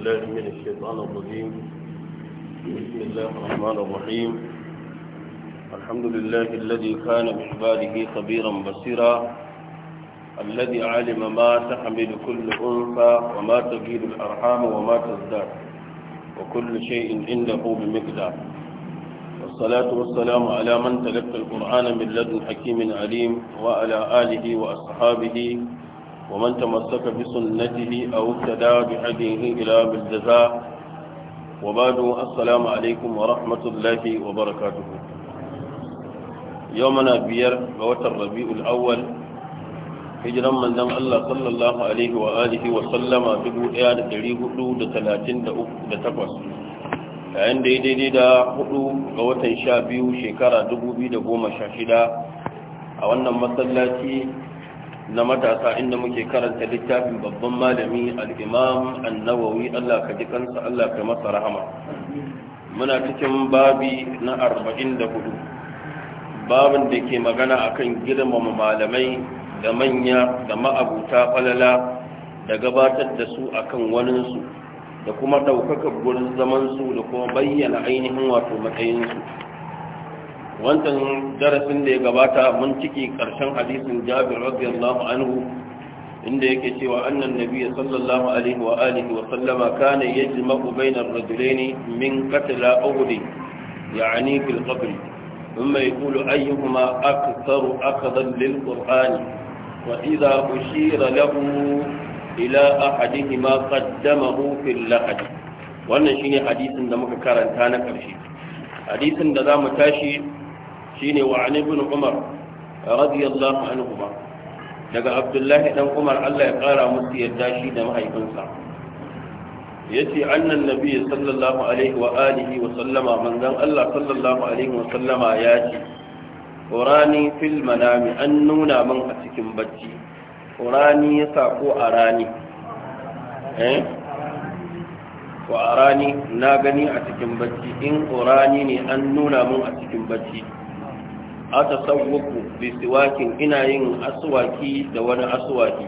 بالله من الشيطان الرجيم بسم الله الرحمن الرحيم الحمد لله الذي كان بعباده خبيرا بصيرا الذي علم ما تحمل كل أنثى وما تجيب الأرحام وما تزداد وكل شيء عنده بمقدار والصلاة والسلام على من تلقى القرآن من لدن حكيم عليم وعلى آله وأصحابه ومن تمسك بسنته أو اهتدى بهديه إلى بالجزاء وبعد السلام عليكم ورحمة الله وبركاته يومنا بير بوت الربيع الأول hijiran manzon Allah sallallahu alaihi wa alihi wa sallama 1438 yayin da daidai da hudu ga watan sha biyu shekara 2016 a wannan masallaci na matasa inda muke karanta littafin babban malami al'imam annawawi Allah ka ji kansa Allah ka masa rahama muna cikin babi na arba'in da hudu. babin da ke magana akan girmama malamai da manya da ma'abuta falala da gabatar da su akan waninsu da kuma ɗaukakar gurin zamansu da kuma bayyana ainihin wato matsayinsu wancan darasin da ya gabata mun ciki karshen hadisin jabir radiyallahu anhu inda yake cewa annan nabiyyi sallallahu alaihi wa alihi wa sallama kana yajma'u bainar rajulaini min qatla uhud ya'ni fil qabr ثم يقول أيهما أكثر أخذا للقرآن وإذا أشير له ila ahadihima قدمه في اللحد wannan shine hadisin da muka karanta na ƙarshe hadisin da za mu tashi shine wa an ibn umar radiyallahu anhu ma daga abdullahi dan umar Allah ya kara musu yadda shi da mahaifinsa yace annan nabi sallallahu alaihi wa alihi wa sallama manzon Allah sallallahu alaihi wa sallama ya ce qurani fil manami an nuna min a cikin bacci qurani ya sako a rani eh wa arani na gani a cikin bacci in qurani ne an nuna min a cikin bacci ata tasawwaku bi siwakin ina yin aswaki da wani aswaki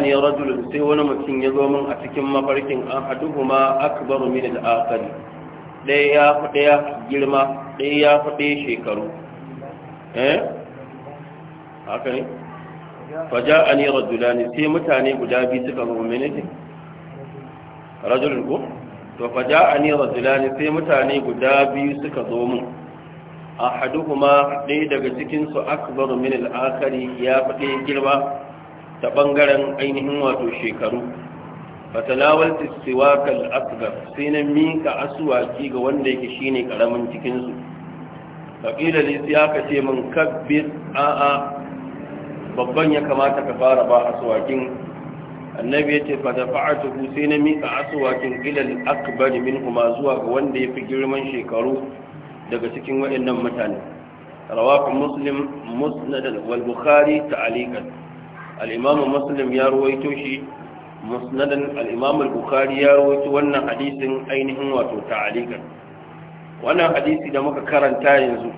ni rajul sai wani mutum ya zo min a cikin mafarkin an haduhuma akbaru min al aqali ɗaya ya fade ya girma ɗaya ya fade shekaru eh haka ne ni rajulani sai mutane guda biyu suka zo min ne rajulun ko to ni rajulani sai mutane guda biyu suka zo min ahaduhuma ɗaya daga cikinsu akbaru min al'akari ya faɗe girma ta ɓangaren ainihin wato shekaru fatalawar tistiwakal akbar sai na mika asuwaki ga wanda yake shine ƙaramin cikinsu faƙila ne sai aka ce min kabbir a'a babban ya kamata ka fara ba asuwakin annabi ya ce fatafa'atuhu sai na mika asuwakin ilal akbar min kuma zuwa ga wanda ya fi girman shekaru daga cikin waɗannan mutane rawahu muslim musnad wal bukhari ta'aliqan al-imam muslim ya rawaito shi musnadan al-imam al-bukhari ya rawaito wannan hadisin ainihin wato ta'aliqan wannan hadisi da muka karanta yanzu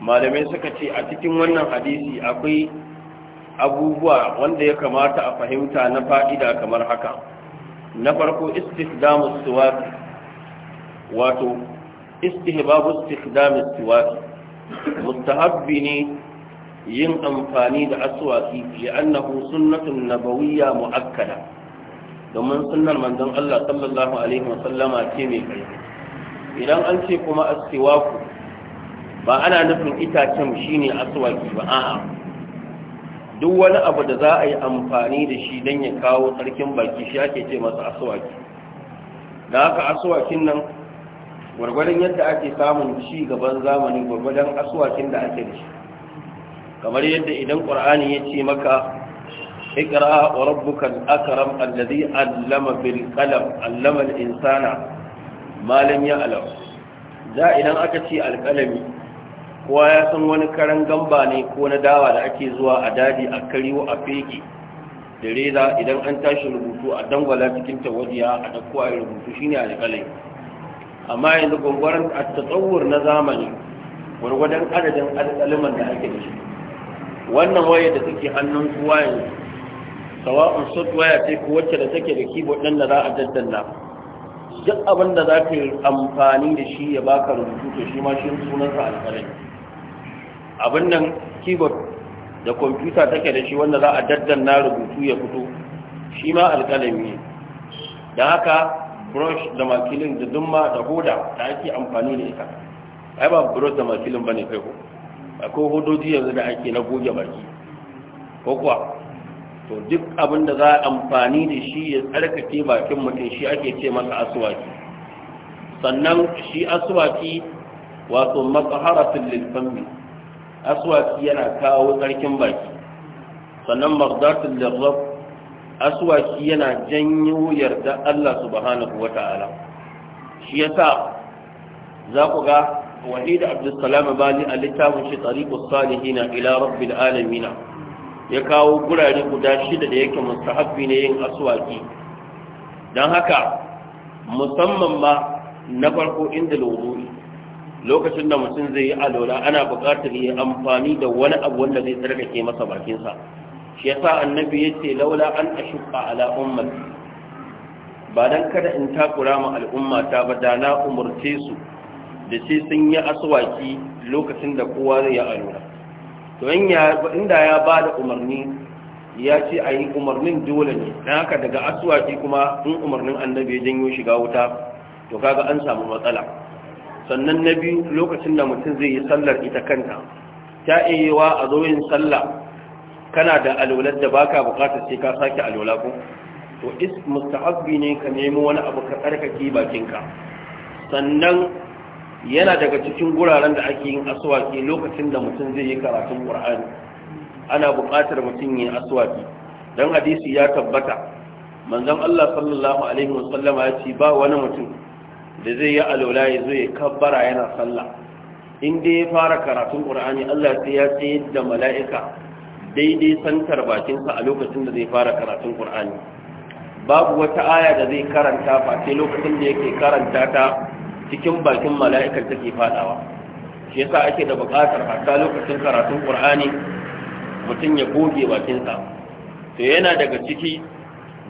malamai suka ce a cikin wannan hadisi akwai abubuwa wanda ya kamata a fahimta na fa'ida kamar haka na farko istifdamus suwaki wato istihbabu istikhdam istiwaki mustahabbi ne yin amfani da aswaki li'annahu sunnatun nabawiyya muakkada domin sunnar manzon Allah sallallahu alaihi wasallama ce mai kai idan an ce kuma aswaku ba ana nufin itacen shine aswaki ba a'a duk wani abu da za a yi amfani da shi don ya kawo tsarkin baki shi ake ce masa aswaki da haka aswakin nan gwargwadon yadda ake samun ci gaban zamani gwargwadon asuwakin da ake da shi kamar yadda idan ƙur'ani ya ce maka ikira wa rabbukan akram allazi allama bil qalam allama al insana ma ya ya'lam da idan aka ce alƙalami kowa ya san wani karan gamba ne ko na dawa da ake zuwa a daji a kariwo a feki da reza idan an tashi rubutu a dangwala cikin tawadiya a ɗauko a rubutu shine alƙalami amma yanzu gwangwaran a tsatsowar na zamani gwargwadon adadin alƙaliman da ake da shi wannan waye da suke hannun kuwa yanzu sawa'un software ce ko wacce da take da keyboard ɗin da za a daddanna duk abin da za ka yi amfani da shi ya baka rubutu to shi ma shi sunansa alƙalai abin nan keyboard da kwamfuta take da shi wanda za a daddanna rubutu ya fito shi ma alƙalami ne da haka brush da makilin da dumma da hoda da ake amfani da ita ai ba brush da makilin bane kai ko akwai hodoji yanzu da ake na goge baki ko kuwa to duk abin da za a amfani da shi ya tsarkake bakin mutum shi ake ce masa aswaki sannan shi aswaki wato matsaharatul lilfammi aswaki yana kawo tsarkin baki sannan magdatul lirrab aswaki yana janyo yarda Allah subhanahu wata'ala shi yasa za ku ga wahid abdussalam bali a littafin shi tariqus salihina ila rabbil alamin ya kawo gurare guda shida da yake mustahabbi ne yin aswaki dan haka musamman ma na farko inda lururi lokacin da mutum zai yi alola ana buƙatar yi amfani da wani abu wanda zai tsarkake masa bakinsa shi yasa annabi yace laula an ashqa ala ummati ba dan kada in takura ma al'umma ta ba da na umurce su da sai sun yi aswaki lokacin da kowa zai ya alura to inda ya ba da umarni ya ce a yi umarnin dole ne na haka daga aswaki kuma in umarnin annabi ya janyo shiga wuta to kaga an samu matsala sannan na biyu lokacin da mutum zai yi sallar ita kanta ta iya a zo yin sallah kana da alwalar da baka bukatar sai ka sake alwala ko to is mustahabbi ne ka nemi wani abu ka tsarkake bakinka sannan yana daga cikin guraren da ake yin aswaki lokacin da mutum zai yi karatun qur'ani ana bukatar mutum yin aswaki dan hadisi ya tabbata manzon Allah sallallahu alaihi wasallama ya ce ba wani mutum da zai yi alwala ya zo ya kabbara yana sallah in dai ya fara karatun qur'ani Allah sai ya tsayar da mala'ika daidai santar bakinsa a lokacin da zai fara karatun Qur'ani babu wata aya da zai karanta sai lokacin da yake karanta ta cikin bakin mala'ikar take fadawa shi yasa ake da buƙatar hatta lokacin karatun Qur'ani mutum ya goge bakinsa to yana daga ciki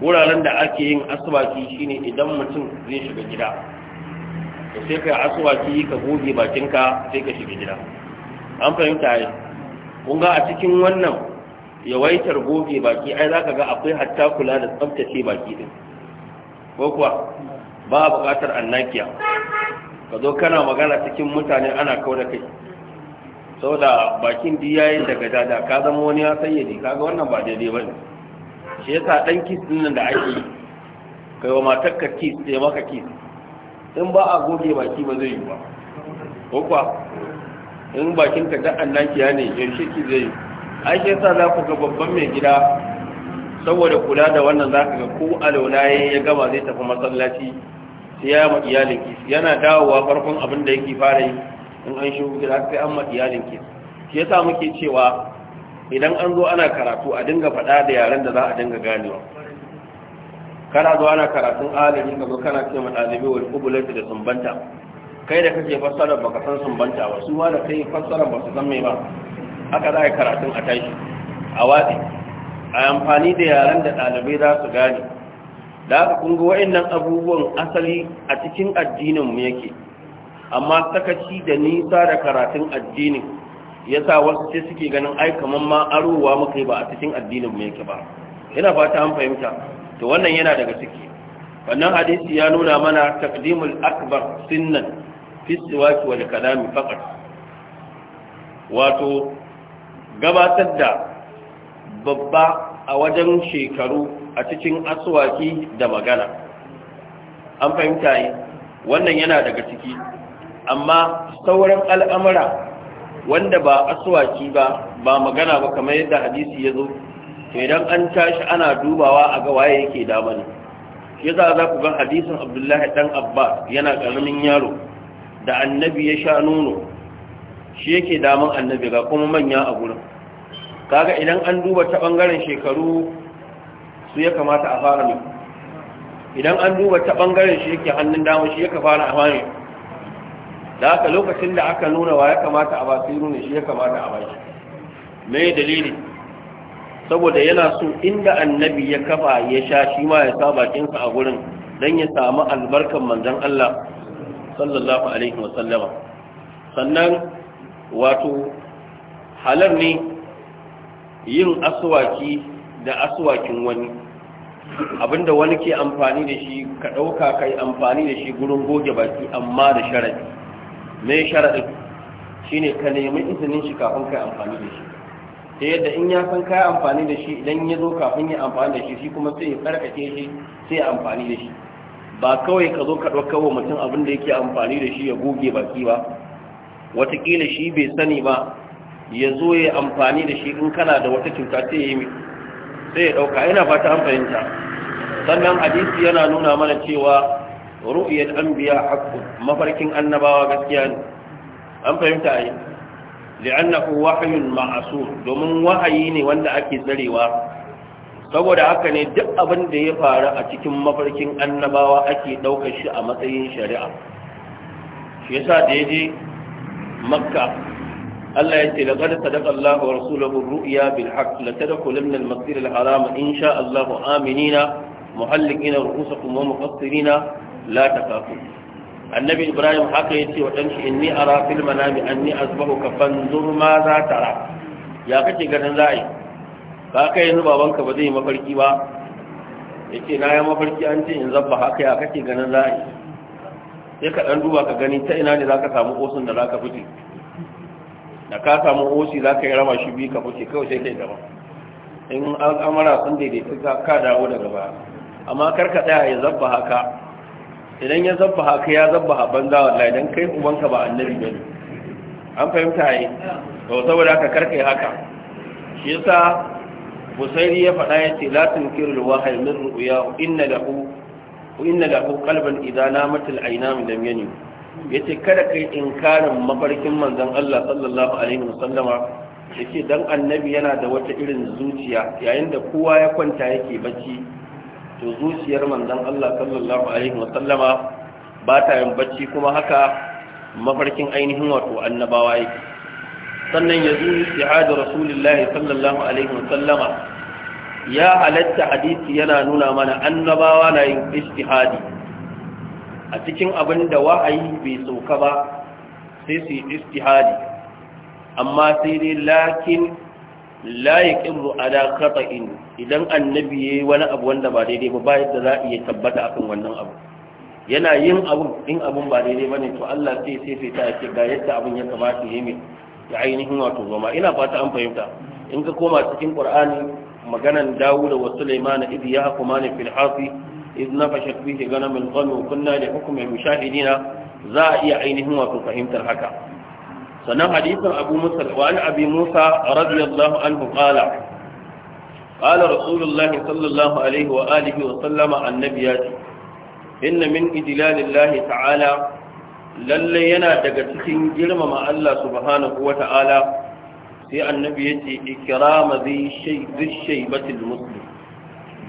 wuraren da ake yin aswaki shine idan mutum zai shiga gida to sai ka aswaki ka goge bakinka sai ka shiga gida an fahimta yi kun ga a cikin wannan yawaitar goge baki ai za ka ga akwai hatta kula da tsabtace baki din ko kuwa ba buƙatar annakiya ka zo kana magana cikin mutane ana kau da kai saboda bakin di yi daga dada ka zama wani ya ka ga wannan ba daidai bane shi yasa dan kis din da ake kai wa matar ka kis sai maka kis in ba a goge baki ba zai yi ba ko kuwa in bakin ka da annakiya ne yaushe ki zai yi ake sa za ku ga babban mai gida saboda kula da wannan za ka ga ko alaula ya gama zai tafi masallaci sai ya ma iyalin ki yana dawowa farkon abin da yake fara yi in an shi gida sai an ma iyalin ki shi yasa muke cewa idan an zo ana karatu a dinga faɗa da yaren da za a dinga ganewa kana zo ana karatun alimi ka zo kana ce ma ɗalibi wal da sumbanta kai da kake fassara baka san sumbanta ba su ma da kai fassara ba su san me ba haka za a yi karatun a tashi a watsi a amfani da yaren da ɗalibai za su gane da aka kunga wa'in abubuwan asali a cikin addinin mu yake amma sakaci da nisa da karatun addinin ya sa wasu ce suke ganin ai kamar ma arowa muka yi ba a cikin addinin mu yake ba yana fata an fahimta to wannan yana daga ciki wannan hadisi ya nuna mana taqdimul akbar sinnan fi siwaki wal kalami faqat wato gabatar da babba a wajen shekaru a cikin asuwaki da magana an fahimta yi wannan yana daga ciki amma sauran al'amura wanda ba asuwaki ba ba magana ba kamar yadda hadisi ya zo idan an tashi ana dubawa a ga waye yake dama ne ya za za ku ga hadisin abdullahi ɗan abba yana ƙaramin yaro da annabi ya sha nono shi yake damun annabi ga kuma manya a gurin kaga idan an duba ta bangaren shekaru su ya kamata a fara ne idan an duba ta bangaren shi yake hannun damar shi ya fara a fara da aka lokacin da aka nuna wa ya kamata a basiru ne shi ya kamata a bashi mai dalili saboda yana so inda annabi ya kafa ya sha shi ma ya sa bakinsa a gurin don ya samu albarkan manzon Allah sallallahu alaihi wasallama sannan wato halar ne yin aswaki da aswakin wani abinda wani ke amfani da shi ka ɗauka kai amfani da shi gurin goge baki amma da sharaɗi mai sharaɗi shi ne ka nemi izinin shi kafin kai amfani da shi ta yadda in ya san kai amfani da shi idan ya zo kafin ya amfani da shi shi kuma sai ya tsarkake shi sai ya amfani da shi ba kawai ka zo ka ɗauka wa mutum abin da yake amfani da shi ya goge baki ba watakila shi bai sani ba ya zo ya amfani da shi in kana da wata cuta sai ya yi sai ya ɗauka yana fata an fahimta sannan hadisi yana nuna mana cewa an biya haqqu mafarkin annabawa gaskiya ne an fahimta ai li'annahu wahyun ma'sum domin wahayi ne wanda ake tsarewa saboda haka ne duk abin da ya faru a cikin mafarkin annabawa ake ɗaukar shi a matsayin shari'a shi yasa da yaje makka Allah ya ce da kada sadaka Allah wa rasuluhu ru'ya bil haqq la tadkhulanna al masjid al haram in sha Allah aminina muhallikina ru'usakum wa muqassirina la takafun annabi ibrahim haka yace wa dan shi inni ara fil manami anni azbahuka fanzur ma za tara ya kace ganin za'i ka kai yanzu babanka ba zai mafarki ba na mafarki an ce in haka ya ganin sai ka ɗan duba ka gani ta ina ne za ka samu osin da za ka fice da ka samu osi za ka yi rama shi biyu ka fice kawai sai ka yi gaba in al'amara sun daidaita ka dawo daga baya amma kar ka tsaya ya zabba haka idan ya zabba haka ya zabba a banza wallahi dan kai ubanka ba annabi bane an fahimta yi to saboda haka kar kai haka shi yasa busairi ya faɗa ya ce la tunkirul wahai min ru'ya inna lahu inna lahu qalban idza namat al-aynam lam ya ce kada ka yi inkarin mafarkin manzon Allah sallallahu alaihi wasallama yace dan annabi yana da wata irin zuciya yayin da kowa ya kwanta yake bacci to zuciyar manzon Allah sallallahu alaihi wasallama ba ta yin bacci kuma haka mafarkin ainihin wato annabawa yake sannan yazu istihadu rasulullahi sallallahu alaihi wasallama ya halatta hadisi yana nuna mana annabawa na yin istihadi a cikin abin da wa'ayi bai sauka ba sai su yi istihadi amma sai dai lakin layiƙin ru'ada kata'in idan annabi ya yi wani abu wanda ba daidai ba bayan da za a iya tabbata akan wannan abu yana yin abun in abun ba daidai ba ne to Allah sai sai sai ta ce ga yadda abun ya kamata ya yi ya ainihin wato zama ina fata an fahimta in ka koma cikin Kur'ani. maganan dawuda wa Sulaiman idh yahkumani fil hafi idh nafashat fihi ganamul ghanam kunna li hukmi mushahidina za a iya ainihin wato fahimtar haka sannan hadisin Abu Musa wa an Abi Musa radiyallahu anhu qala قال رسول sallallahu صلى الله عليه وآله وسلم عن نبياته إن من إدلال الله تعالى للي ينا دقتكين جرم مع الله سبحانه sai annabi ya ce ikirama zai shaibatul musulmi,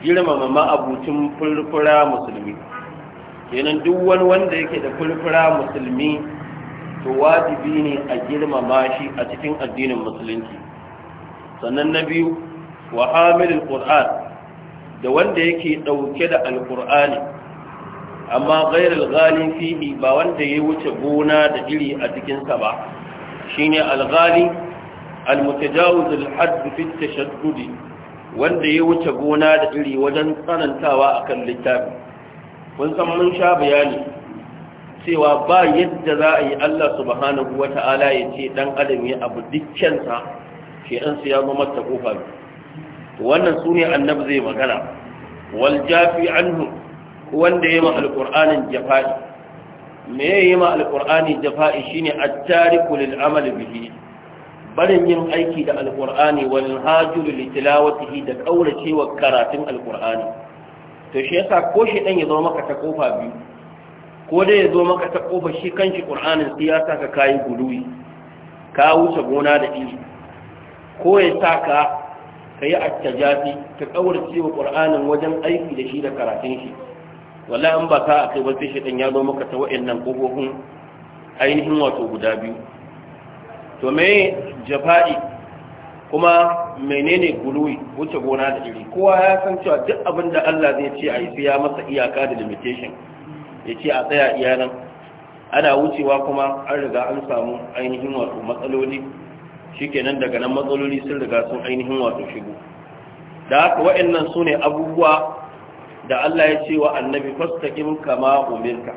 girmama ma'abucin furfura musulmi kenan duk wani wanda yake da furfura musulmi to wajibi ne a girmama shi a cikin addinin musulunci sannan na biyu wa hamilul da wanda yake dauke da alqur'ani amma gairar ghali fihi ba wanda ya wuce gona da iri a cikinsa ba shine alghali المتجاوز الحد في التشدد wanda ya wuce gona da iri wajen tsanantawa kan littafi kun san mun sha bayani cewa ba yadda za a yi Allah subhanahu Ta'ala ya ce dan adam ya abu dukkansa ke an ya zo mata kofa wannan sune annabi zai magana wal jafi anhu wanda ya ma alqur'anin jafa'i me ya yi ma alqur'ani jafa'i shine at-tariku lil amali bihi barin yin aiki da alƙur'ani wal hajulu li tilawatihi da kaurace wa karatun alƙur'ani to shi yasa ko shi dan ya zo maka ta kofa biyu ko dai ya zo maka ta kofa shi kanshi ƙur'anin sai ya kayi guduwi, ka wuce gona da iri ko ya sa ka yi attajafi ka kaurace wa ƙur'anin wajen aiki da shi da karatun shi wallahi an ba ka akai ba sai shi dan ya zo maka ta wa'annan kofofin ainihin wato guda biyu to me jafa'i kuma menene guluwi wuce gona da iri kowa ya san cewa duk abin da Allah zai ce a yi sai ya masa iyaka da limitation ya ce a tsaya iyanan ana wucewa kuma an riga an samu ainihin wato matsaloli shikenan daga nan matsaloli sun riga sun ainihin wato shigo da haka wa'annan su ne abubuwa da Allah ya ce wa annabi fastaqim kama umirka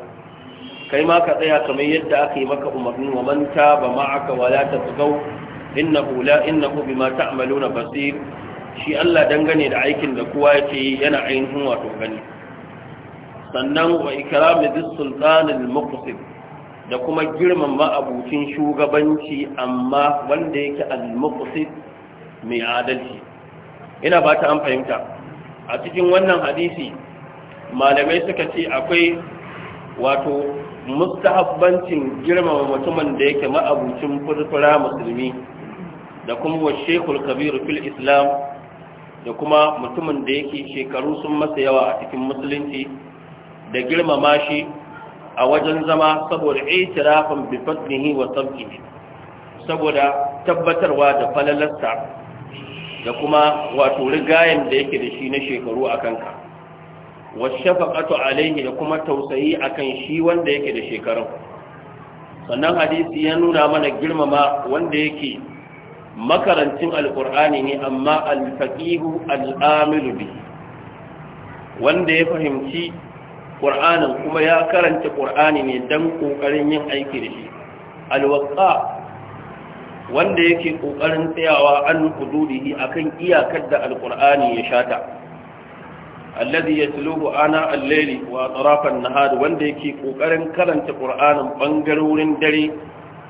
kai ma ka tsaya kamar yadda aka yi maka umarni wa man taba ma'aka wa la tasgau innahu la innahu bima ta'maluna basir shi Allah dangane da aikin da kowa yake yana ainihin wato gani sannan wa ikrami dhis sultanil muqsid da kuma girmama abucin shugabanci amma wanda yake al-muqsid mai adalci ina ba ta an fahimta a cikin wannan hadisi malamai suka ce akwai wato mustahabbancin girmama mutumin da yake ma'abucin furfura musulmi da kuma wa shekul kabiru fil islam da kuma mutumin da yake shekaru sun masa yawa a cikin musulunci da girmama shi a wajen zama saboda itirafin bi wa sabqihi saboda tabbatarwa da falalarsa da kuma wato rigayen da yake da shi na shekaru a kanka washafaqatu alaihi da kuma tausayi akan shi wanda yake da shekarun sannan hadisi ya nuna mana girmama wanda yake makarantun alqur'ani ne amma alfaqihu al'amilu bi wanda ya fahimci qur'anin kuma ya karanta qur'ani ne dan kokarin yin aiki da shi alwaqa wanda yake kokarin tsayawa an hududihi akan iyakar da alqur'ani ya shata alladhi yatluhu ana al-layli wa atrafan nahar wanda yake kokarin karanta qur'anin bangarorin dare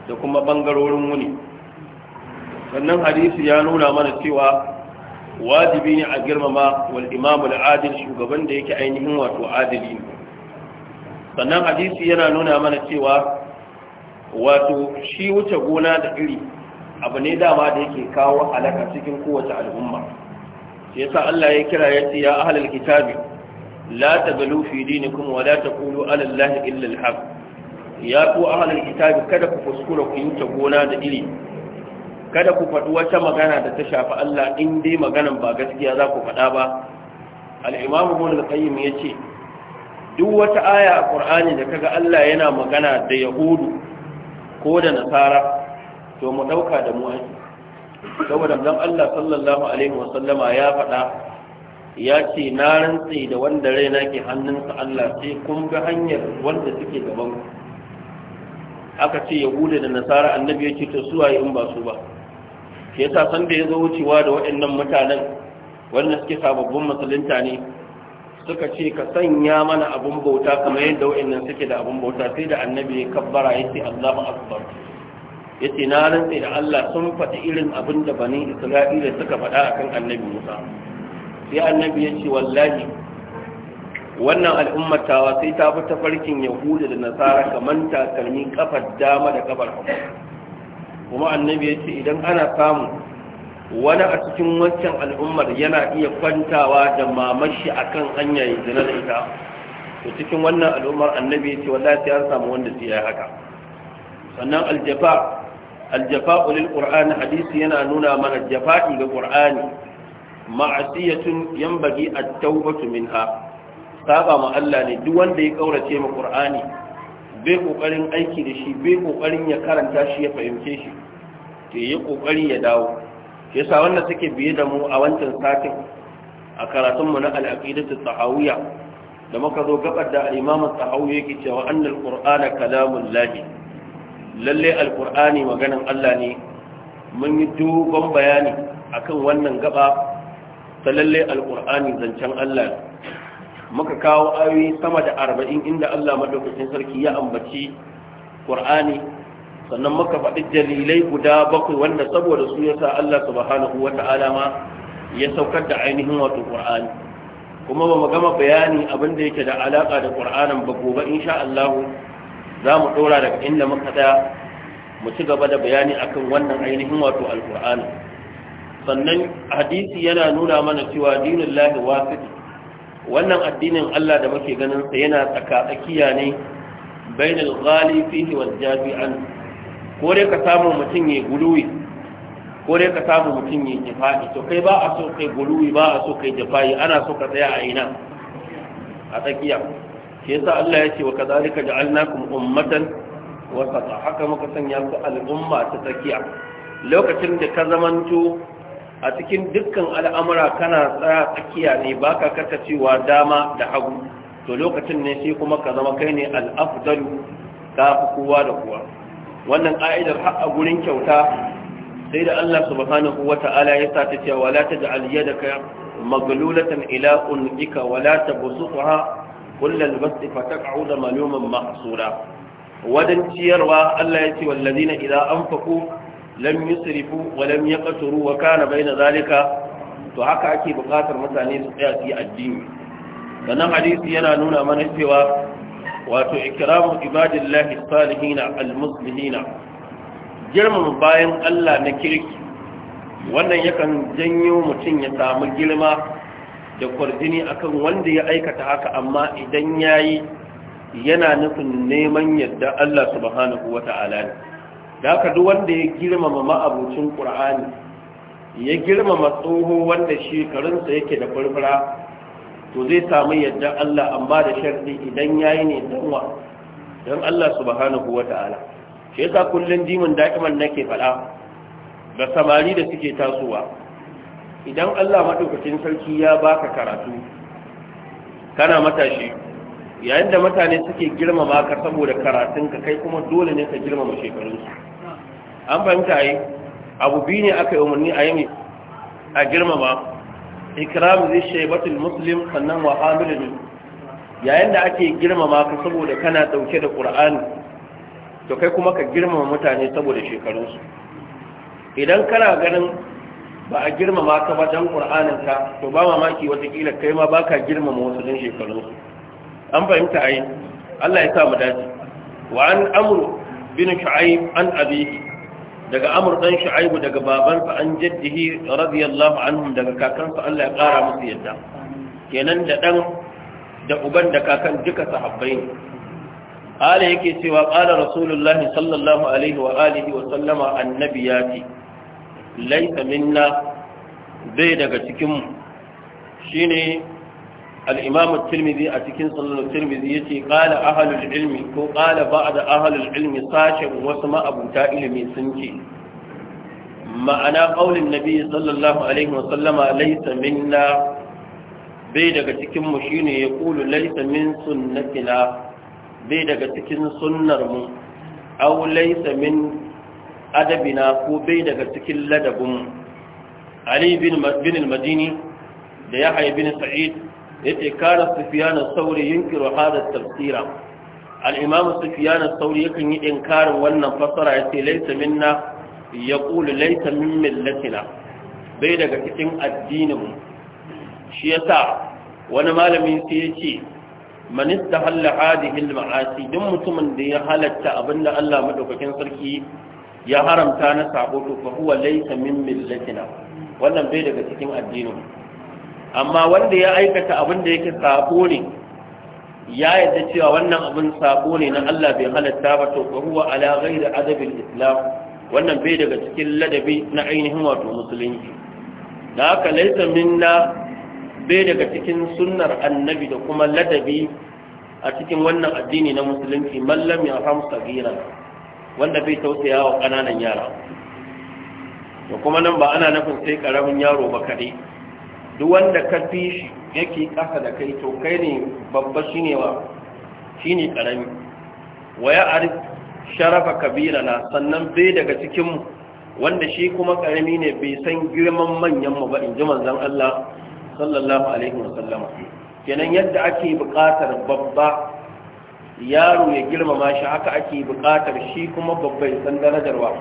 da kuma bangarorin wuni sannan hadisi ya nuna mana cewa wajibi ne a girmama wal imam al-adil shugaban da yake ainihin wato adili sannan hadisi yana nuna mana cewa wato shi wuce gona da iri abu ne dama da yake kawo alaka cikin kowace al'umma shi yasa Allah ya kira ya ce ya ahlul kitabi la tablu fi dinikum wa la taqulu ala Allah illa al-haq ya ku ahlul kitabi kada ku fuskura ku yi gona da iri kada ku faɗi wata magana da ta shafi Allah in dai maganan ba gaskiya za ku faɗa ba al-imamu ibn al-qayyim yace duk wata aya a Qur'ani da kaga Allah yana magana da yahudu ko da nasara to mu dauka da mu aiki saboda dan Allah sallallahu alaihi wa sallama ya faɗa ya ce na rantse da wanda raina ke hannunsa Allah sai kun ga hanyar wanda suke gaban aka ce yahuda da nasara annabi ya ce ta suwaye in ba su ba Ke yasa san da ya zo wucewa da waɗannan mutanen wanda suke sababbin musulunta ne suka ce ka sanya mana abin bauta kamar yadda waɗannan suke da abin bauta sai da annabi ya kabbara ya ce Allahu akbar ya ce na rantse da Allah sun faɗi irin abin da bani isra'ila suka faɗa a kan annabi musa sai annabi ya ce wallahi wannan al'ummatawa sai ta fi tafarkin yahuda da nasara kamar takalmi kafar dama da kafar hagu kuma annabi ya ce idan ana samu wani a cikin wancan al'ummar yana iya kwantawa da mamashi akan hanya ya zina da ita to cikin wannan al'ummar annabi ya ce wallahi sai an samu wanda sai yi haka sannan aljafa aljafa'u lil qur'ani hadisi yana nuna mana jafa'i ga qur'ani ma'asiyatun yanbaghi at-taubatu minha saba ma Allah ne duk wanda ya kaurace ma qur'ani bai kokarin aiki da shi bai kokarin ya karanta shi ya fahimce shi to yi kokari ya dawo yasa wanda suke biye da mu a wancan satin a karatun mu na al-aqidatu da muka zo gabar da al-imam at yake cewa annal qur'ana kalamul lalle alkur'ani maganan Allah ne mun yi dogon bayani akan wannan gaba ta lalle alkur'ani zancen Allah muka kawo ayoyi sama da arba'in inda Allah madaukakin sarki ya ambaci ƙur'ani sannan muka faɗi dalilai guda bakwai wanda saboda su yasa Allah subhanahu wata'ala ma ya saukar da ainihin wato ƙur'ani. kuma ba mu gama bayani abin da yake da alaka da ƙur'anin ba gobe insha Allah za mu ɗora daga inda muka tsaya mu ci gaba da bayani akan wannan ainihin wato alƙur'ani sannan hadisi yana nuna mana cewa dinin lahi wasiti wannan addinin Allah da muke ganin sa yana tsaka tsakiya ne bainal ghali fihi wal an. ko dai ka samu mutum ya guluwi ko dai ka samu mutum ya jifa'i to kai ba a so kai guluwi ba a so kai jifa'i ana so ka tsaya a ina a tsakiya shi yasa Allah ya ce wa kadhalika ja'alnakum ummatan wasata haka muka sanya ku al'umma ta tsakiya lokacin da ka zamanto a cikin dukkan al'amura kana tsaya tsakiya ne baka cewa dama da hagu to lokacin ne sai kuma ka zama kai ne al'afdalu ka fi kowa da kowa wannan ƙa'idar har a gurin kyauta sai da Allah subhanahu wata'ala ta'ala ya sa ta cewa wala da yadaka maglulatan ila unqika wala tabsuqha kullal basti fa taq'uda maluman mahsura wadan ciyarwa Allah ya ce wallazina idza anfaqu lam yusrifu wa lam yaqturu wa kana baina zalika to haka ake bukatar mutane su tsaya su yi addini sannan hadisi yana nuna mana cewa wato ikramu ibadillahi salihina almuslihina girmama bayan Allah na kirki wannan yakan janyo mutum ya samu girma da kwarjini akan wanda ya aikata haka amma idan ya yi yana nufin neman yadda Allah subhanahu Ta'ala ne da aka duk wanda ya girmama ma'abucin ƙur'ani ya girmama tsoho wanda shekarunsa yake da furfura to zai samu yadda Allah amma da sharri idan ya yi ne danwa don Allah subhanahu Ta'ala. shi yasa kullun jimin da'iman nake faɗa ga samari da suke tasowa idan Allah maɗaukacin sarki ya baka karatu kana matashi yayin da mutane suke girmama ka saboda karatun ka kai kuma dole ne ka girmama shekarunsu an fahimta yi abu biyu ne aka yi umarni a yami a girmama ikram zai shaibatul muslim sannan wa hamilin yayin da ake girmama ka saboda kana dauke da qur'ani to kai kuma ka girmama mutane saboda shekarunsu idan kana ganin ba a girmama ka ba dan qur'anin ka to ba mamaki watakila kai ma ka girmama wasu dan shekarun an fahimta a ai Allah ya sa mu daji. wa an amru bin shu'aib an abihi daga amr ɗan shu'aib daga babansa an jaddihi radiyallahu anhu, daga kakansa Allah ya ƙara musu yadda kenan da ɗan, da uban da kakan duka sahabbai ne ala yake cewa qala rasulullahi sallallahu alaihi wa alihi wa sallama annabi ya ce laisa minna bai daga cikinmu shi ne al’imamu tilmizi a cikin tsallon tilmizi ya ce ƙala ahalul ilmi ko ƙala ba a da ilmi sashen wasu ma'abuta ilimi sun ce ma'ana ƙaunin na biyu sallallahu alaihi wasallama laisa minna bai daga cikinmu shi ne ya ƙulu laisa min sunna fina bai daga cikin sunnarmu au laisa min adabina ko bai daga cikin ladabin Ali bin al-Madini da Yahya bin Sa'id yace kana Sufyan al-Thawri yunkiru hada tafsira al-Imam Sufyan al-Thawri yakan yi inkarin wannan fasara yace laysa minna yaqulu laysa min millatina bai daga cikin addinin shi yasa wani malami sai yace man istahalla hadhihi al-ma'asi duk mutumin da ya halatta abinda Allah madaukakin sarki ya haramta na sabo to fa huwa laysa min millatina wannan bai daga cikin addinin amma wanda ya aikata abin da yake sabo ne ya yadda cewa wannan abin sabo ne na Allah bai halatta ba to fa huwa ala ghairi adabil islam wannan bai daga cikin ladabi na ainihin wato musulunci da haka laysa minna bai daga cikin sunnar annabi da kuma ladabi a cikin wannan addini na musulunci mallam ya hamsa gira wanda bai tausaya wa ƙananan yara da kuma nan ba ana nufin sai ƙaramin yaro ba kaɗai duk wanda ka fi shi yake ƙasa da kai to kai ne babba shi ne wa shi ne ƙarami wa ya arif sharafa kabira na sannan bai daga cikinmu wanda shi kuma ƙarami ne bai san girman manyanmu ba in ji manzan Allah sallallahu alaihi kenan yadda ake buƙatar babba yaro ya girmama shi haka ake buƙatar shi kuma babban san darajar wa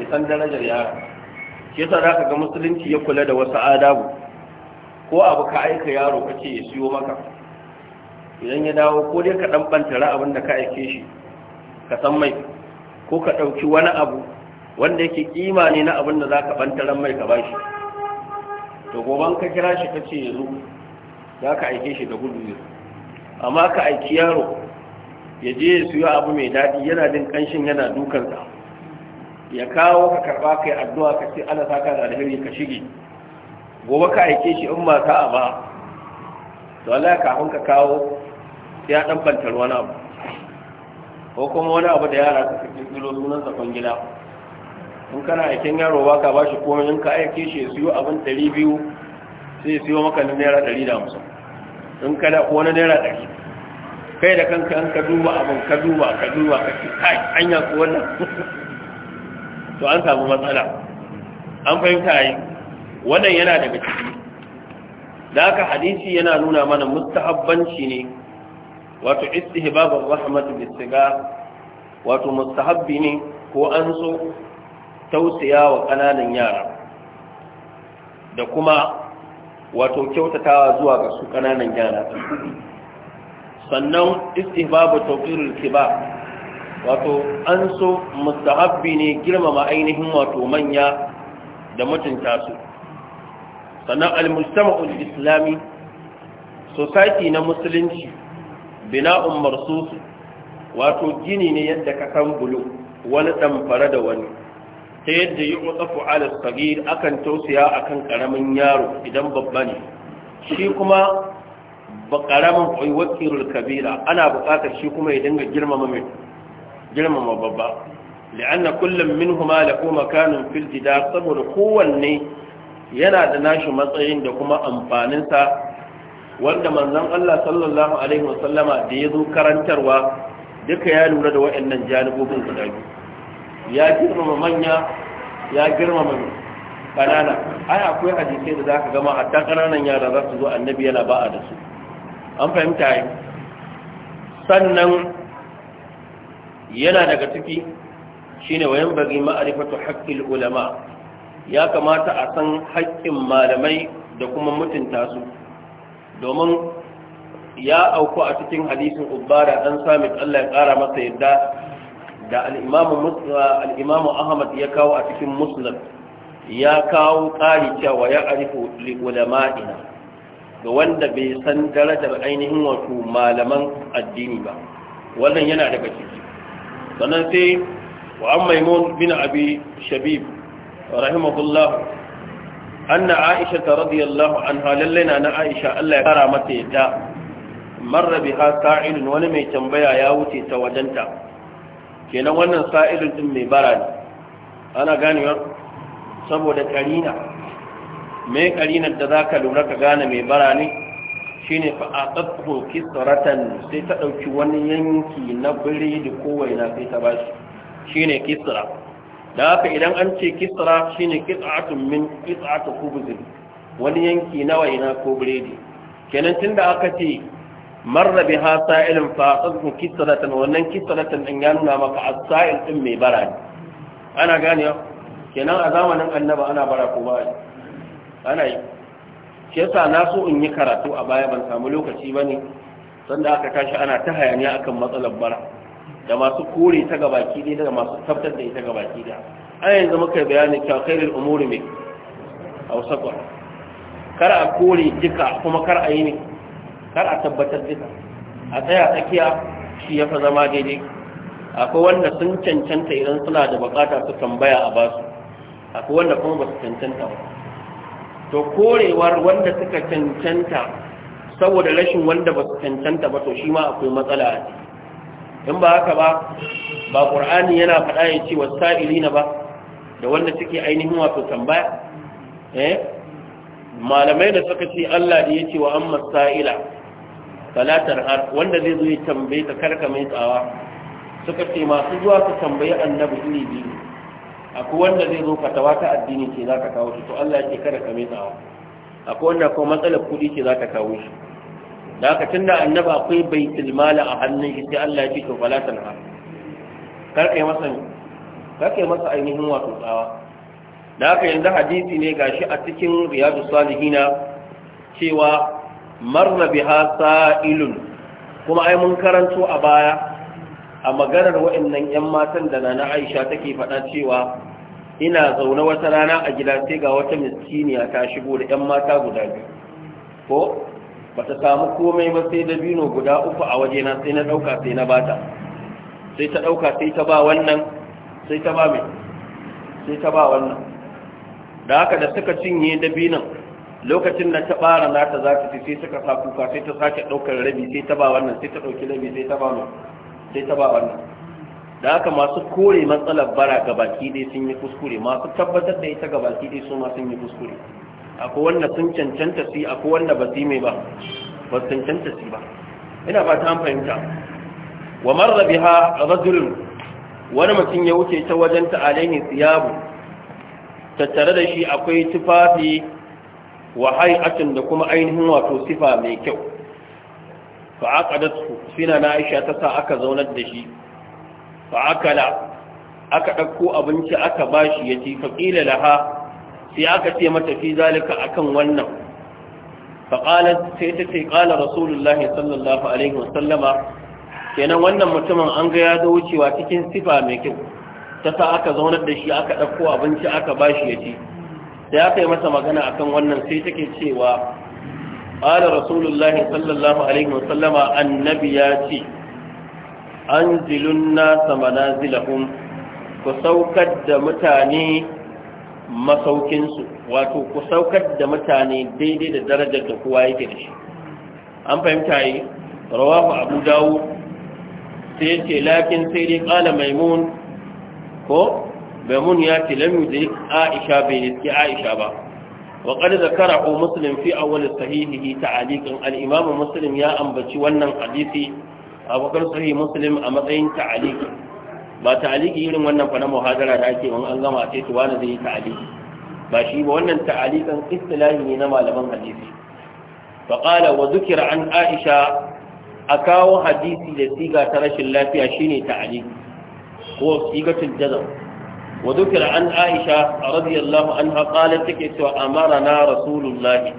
ya san darajar yaro shi yasa zaka ga musulunci ya kula da wasu adabu ko abu ka aika yaro ka ce ya siyo maka idan ya dawo ko dai ka dan bantara abin da ka aike shi ka san mai ko ka ɗauki wani abu wanda yake kima ne na abin da za ka bantaran mai ka bashi? to goban ka kira shi ka ce yanzu za ka aike shi da gudu amma ka aiki yaro ya je ya siyo abu mai daɗi yana jin ƙanshin yana dukansa ya kawo ka karɓa kai addu'a ka ce ana saka da alheri ka shige gobe ka aike shi in mata a ba to Allah kafin ka kawo ya dan bantar wani abu ko kuma wani abu da yara suka tsiro sunan sa gida? in kana aikin yaro ba ka bashi komai in ka aike shi ya siyo abin ɗari biyu sai ya siyo maka naira ɗari da hamsin in kana ko na naira ɗari kai da kanka an ka duba abin ka duba ka duba ka ce kai hanya ko wannan to an samu matsala an fahimta yi wannan yana daga ciki da haka hadisi yana nuna mana mustahabbanci ne wato istihbabur rahmatu bisiga wato mustahabbi ne ko an so tausaya wa kananan yara da kuma wato kyautatawa zuwa ga su kananan yara sannan istihbabu tawqirul kibar wato an so mustahabbi ne girmama ainihin wato manya da mutunta su sannan al-mustama'ul islami society na musulunci bina'un marsus wato gini ne yadda ka san bulu wani damfara da wani ta yadda yi kusafu ala sagir akan tausaya akan karamin yaro idan babba ne shi kuma ba karamin wakilul kabira ana buƙatar shi kuma ya dinga girmama mai girmama babba li'anna kullum minhuma lahu makanun fil jida saboda kowanne yana da nashi matsayin da kuma amfaninsa wanda manzon Allah sallallahu alaihi wasallama da ya zo karantarwa duka ya lura da waɗannan janibobin guda biyu ya girmama manya ya girmama ƙanana ai akwai hadisai da zaka gama hatta ƙananan yara za su zo annabi yana ba'a da su an fahimta yi sannan yana daga ciki shine wayan bari ma'arifatu haqqil ulama ya kamata a san haƙƙin malamai da kuma mutunta su domin ya auku a cikin hadisin ubbara dan samit Allah ya ƙara masa yadda da al ahmad ya kawo a cikin muslim ya kawo ƙari cewa ya arifu li ulama'ina ga wanda bai san darajar ainihin wato malaman addini ba wannan yana daga ciki sannan sai wa an maimun bin abi shabib rahimahullah anna aisha ta radiyallahu anha lallaina na aisha Allah ya kara mata yadda marra biha sa'ilun wani mai tambaya ya wuce ta wajenta kenan wannan sa'ilun din mai bara ne ana ganewa saboda karina Mai karinar da za ka lura ka gane mai bara ne shi shine fa aqattu kisratan sai ta ɗauki wani yanki na biredi ko waina sai ta bashi ne kisra da haka idan an ce kisra shine qit'atun min qit'atu khubz wani yanki na waina ko biredi kenan tun da aka ce marra biha sa'ilun fa aqattu wannan kisratan din ya nuna maka as-sa'il din mai bara ne ana ganewa kenan a zamanin annaba ana bara ko ba ana yi shi yasa na so in yi karatu a baya ban samu lokaci ba ne sanda aka tashi ana ta hayaniya akan matsalar bara da masu kore ta gabaki ne da masu tabbatar da ita gabaki da an yanzu muka bayani cewa khairul umuri mai kwara kar a kore duka kuma kar a yi ne kar a tabbatar duka a tsaya tsakiya shi ya fa zama daidai akwai wanda sun cancanta idan suna da bukata su tambaya a basu akwai wanda kuma ba su cancanta ba to korewar wanda suka cancanta saboda rashin wanda ba su cancanta ba to shi ma akwai matsala in ba haka ba ba ƙur'ani yana faɗa ya ce wasa'ili na ba da wanda suke ainihin wato tambaya eh malamai da suka ce Allah da ya ce wa amma sa'ila talatar har wanda zai zo ya tambaye ka karka mai tsawa suka ce masu zuwa su tambayi annabi iri biyu akwai wanda zai zo fatawa ta addini ce za ka kawo shi to Allah yake kada ka mai tsawa akwai wanda kuma matsalar kuɗi ce za ka kawo shi da haka tunda annaba akwai baitul mala a hannun shi sai Allah ya ce to fala ha kar kai masa kar kai masa ainihin wato tsawa da haka yanzu hadisi ne gashi a cikin riyadu salihina cewa marna biha sa'ilun kuma ai mun karanto a baya a maganar wa'annan 'yan matan da na aisha take faɗa cewa ina zaune wata rana a gida sai ga wata miskiniya ta shigo da 'yan mata guda biyu ko ba ta samu komai ba sai dabino guda uku a wajena sai na ɗauka sai na bata sai ta ɗauka sai ta ba wannan sai ta ba mai sai ta ba wannan da haka da suka cinye dabinan lokacin da ta ɓara nata za ta fi sai suka sa kuka sai ta sake ɗaukar rabi sai ta ba wannan sai ta ɗauki rabi sai ta ba mai sai ta ba wannan da haka masu kore matsalar bara ga baki dai sun yi kuskure masu tabbatar da ita ga baki dai su ma sun yi kuskure akwai wanda sun cancanta su akwai wanda ba su mai ba ba su cancanta su ba ina ba ta fahimta wa marra biha rajulun wani mutum ya wuce ta wajen ta alaihi siyabu tattare da shi akwai tufafi wa hay'atun da kuma ainihin wato sifa mai kyau fa aqadatu sina na Aisha ta sa aka zaunar da shi fa akala aka ɗauko abinci aka ba bashi yace fa qila laha sai aka ce matafi fi zalika akan wannan fa qalat sai ta ce qala rasulullahi sallallahu alaihi wasallama kenan wannan mutumin an ga ya zo wucewa cikin sifa mai kyau ta sa aka zaunar da shi aka ɗauko abinci aka ba shi ya yace sai aka yi masa magana akan wannan sai take cewa ƙala rasulullahi sallallahu alaihi wasallama annabi ya ce an zilun nasa manazilahum ku saukar da mutane masaukinsu wato ku da mutane daidai da darajar da kowa yake da shi an fahimta yi rawahu abu dawo sai ce lakin sai dai ƙala maimun ya ce lamu da aisha bai riski aisha ba وقد ذكره مسلم في أول صحيحه تعليقا الإمام مسلم يا أنبتي ونن حديثي أبو بكر صحيح مسلم أمضين تعليقا ba ta'aliki irin wannan fa na muhadara da ake wani an gama ce wani zai yi ta'aliki ba shi ba wannan ta'alikan istilahi ne na malaman hadisi fa qala wa zukira an aisha a hadisi da siga ta rashin lafiya shine ta'aliki ko sigatul jazm وذكر عن عائشة رضي الله عنها قالت تكيس وأمرنا رسول الله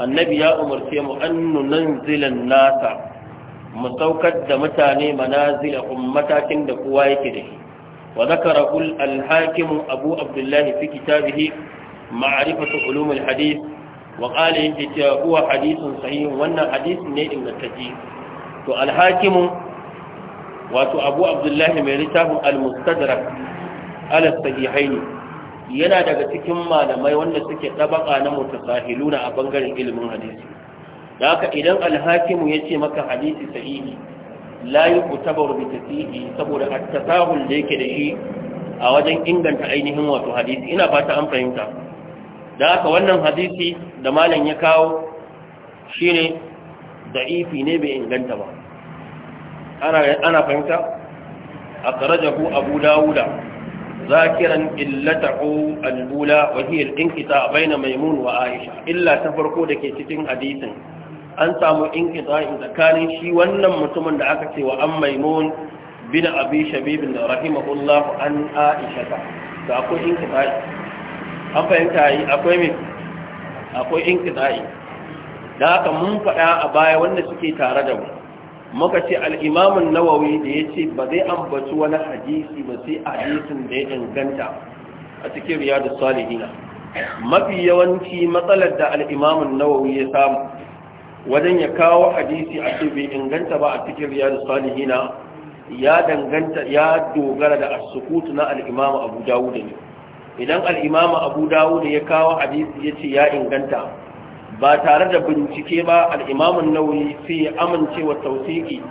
النبي يا أمر سيمو أن ننزل الناس مسوكد متاني منازل أمتاك دقوائك ده وذكر قل الحاكم أبو عبد الله في كتابه معرفة علوم الحديث وقال إنت هو حديث صحيح وأن حديث نيد من التجيب الحاكم وأتو أبو عبد الله من رتاه المستدرك ala sahihaini yana daga cikin malamai wanda suke tabaka na mutasahiluna a bangaren ilimin hadisi da haka idan alhakimu ya ce maka hadisi sahihi ku yuqtabaru bi tasihi saboda at da yake da shi a wajen inganta ainihin wato hadisi ina fata an fahimta da haka wannan hadisi da malam ya kawo shine da'ifi ne bai inganta ba ana fahimta a karajahu abu dawuda ذاكرا إلته الأولى وهي الانقطاع بين ميمون وعائشة إلا تفرقوا لكي تتم حديثا an samu inkita tsakanin shi wannan mutumin da aka ce wa an maimun bin abi shabibin da rahimahullah an aisha ta da akwai inkita an fahimta yi akwai mai akwai inkita mun a baya wanda suke tare da mu muka ce al'imamun nawawi da ya ce ba zai ambaci wani hadisi ba sai a hadisin da ya inganta a cikin riyadu salihina mafi yawanci matsalar da al'imamun nawawi ya samu wajen ya kawo hadisi a ce bai inganta ba a cikin riyadu salihina ya danganta ya dogara da asukutu na al'imamu abu dawud ne idan al'imamu abu dawud ya kawo hadisi ya ce ya inganta ba tare da bincike ba al'imamun nauyi sai ya amincewa tausiki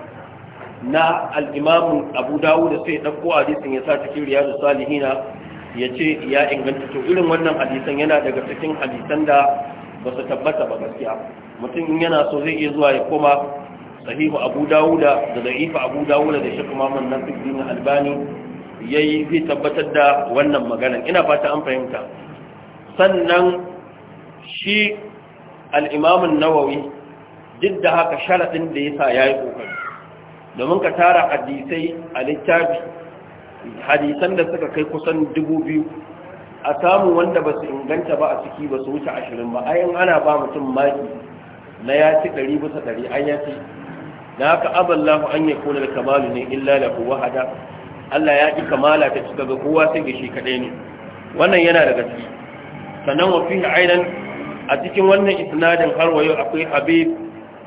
na al'imamun abu dawo da sai ɗauko hadisin ya sa cikin riyadu salihina ya ce ya inganta to irin wannan hadisan yana daga cikin hadisan da ba su tabbata ba gaskiya mutum yana so zai iya zuwa ya koma sahihu abu dawuda da da'ifa abu dawuda da shekuma man albani ya yi fi tabbatar da wannan maganan ina fata an fahimta sannan shi Al'imamin nawawi duk da haka sharaɗin da ya sa ya yi ƙoƙari domin ka tara hadisai a littafi hadisan da suka kai kusan dubu biyu a samu wanda ba su inganta ba a ciki ba su wuce ashirin ba ayin ana ba mutum maki na ya ci ɗari bisa ɗari an ya ci na haka aballahu an ya kone da kamalu ne illa da kowa hada allah ya ƙi kamala ta cika ga kowa sai gashi kaɗai ne wannan yana daga ciki sannan wa fihi aidan a cikin wannan isnadin har wayo akwai habib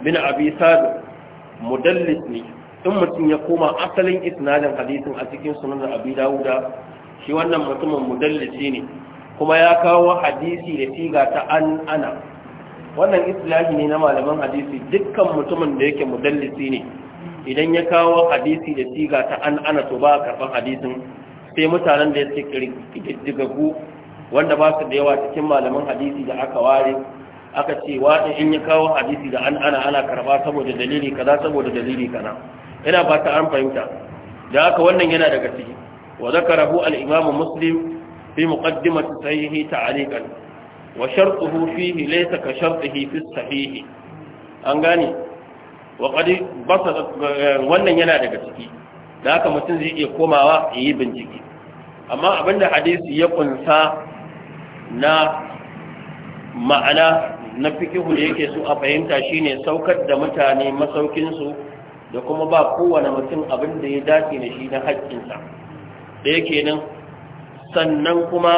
bin abi sadu mudallis ne in mutum ya koma asalin isnadin hadisin a cikin sunan abi dawuda shi wannan mutumin mudallis ne kuma ya kawo hadisi da siga ta an ana wannan islahi ne na malaman hadisi dukkan mutumin da yake mudallis ne idan ya kawo hadisi da siga ta an ana to ba karban hadisin sai mutanen da ya ce kirkididdigagu wanda ba su da yawa cikin malaman hadisi da aka ware aka ce wa in ya kawo hadisi da an ana ana karba saboda dalili kaza saboda dalili kana ina ba ta an fahimta da aka wannan yana daga ciki wa zakarahu al-imam muslim fi muqaddimati sahihi ta'liqan wa shartuhu fihi laysa ka shartihi fi sahihi an gane wa qad wannan yana daga ciki da aka mutum zai iya komawa yi bincike amma abinda hadisi ya kunsa na ma'ana na fikihu da yake so a fahimta shine saukar da mutane masaukinsu da kuma ba kowane mutum abin da ya dace da shi na haƙƙinsa da yake nan sannan kuma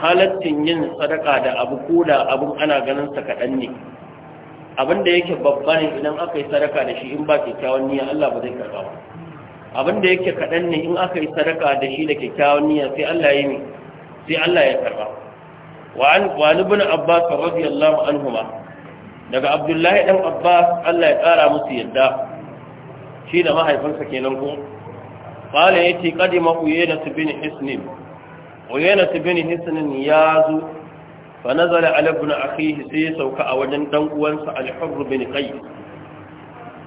halattin yin sadaka da abu ko da abin ana ganin sa kaɗan ne abin da yake babba ne idan aka yi sadaka da shi in ba kyakkyawan niyya Allah ba zai karɓa ba abin da yake kaɗan ne in aka yi sadaka da shi da kyakkyawan niyya sai Allah ya yi sai Allah ya karba wa an wa ibn abbas radiyallahu anhuma daga abdullahi dan abbas Allah ya kara musu yadda shi da mahaifinsa kenan ko qala yati qadima uyayna bin hisnin uyayna bin hisnin yazu fa nazala ala ibn akhihi sai ya sauka a wajen dan uwansa al-hurr bin qais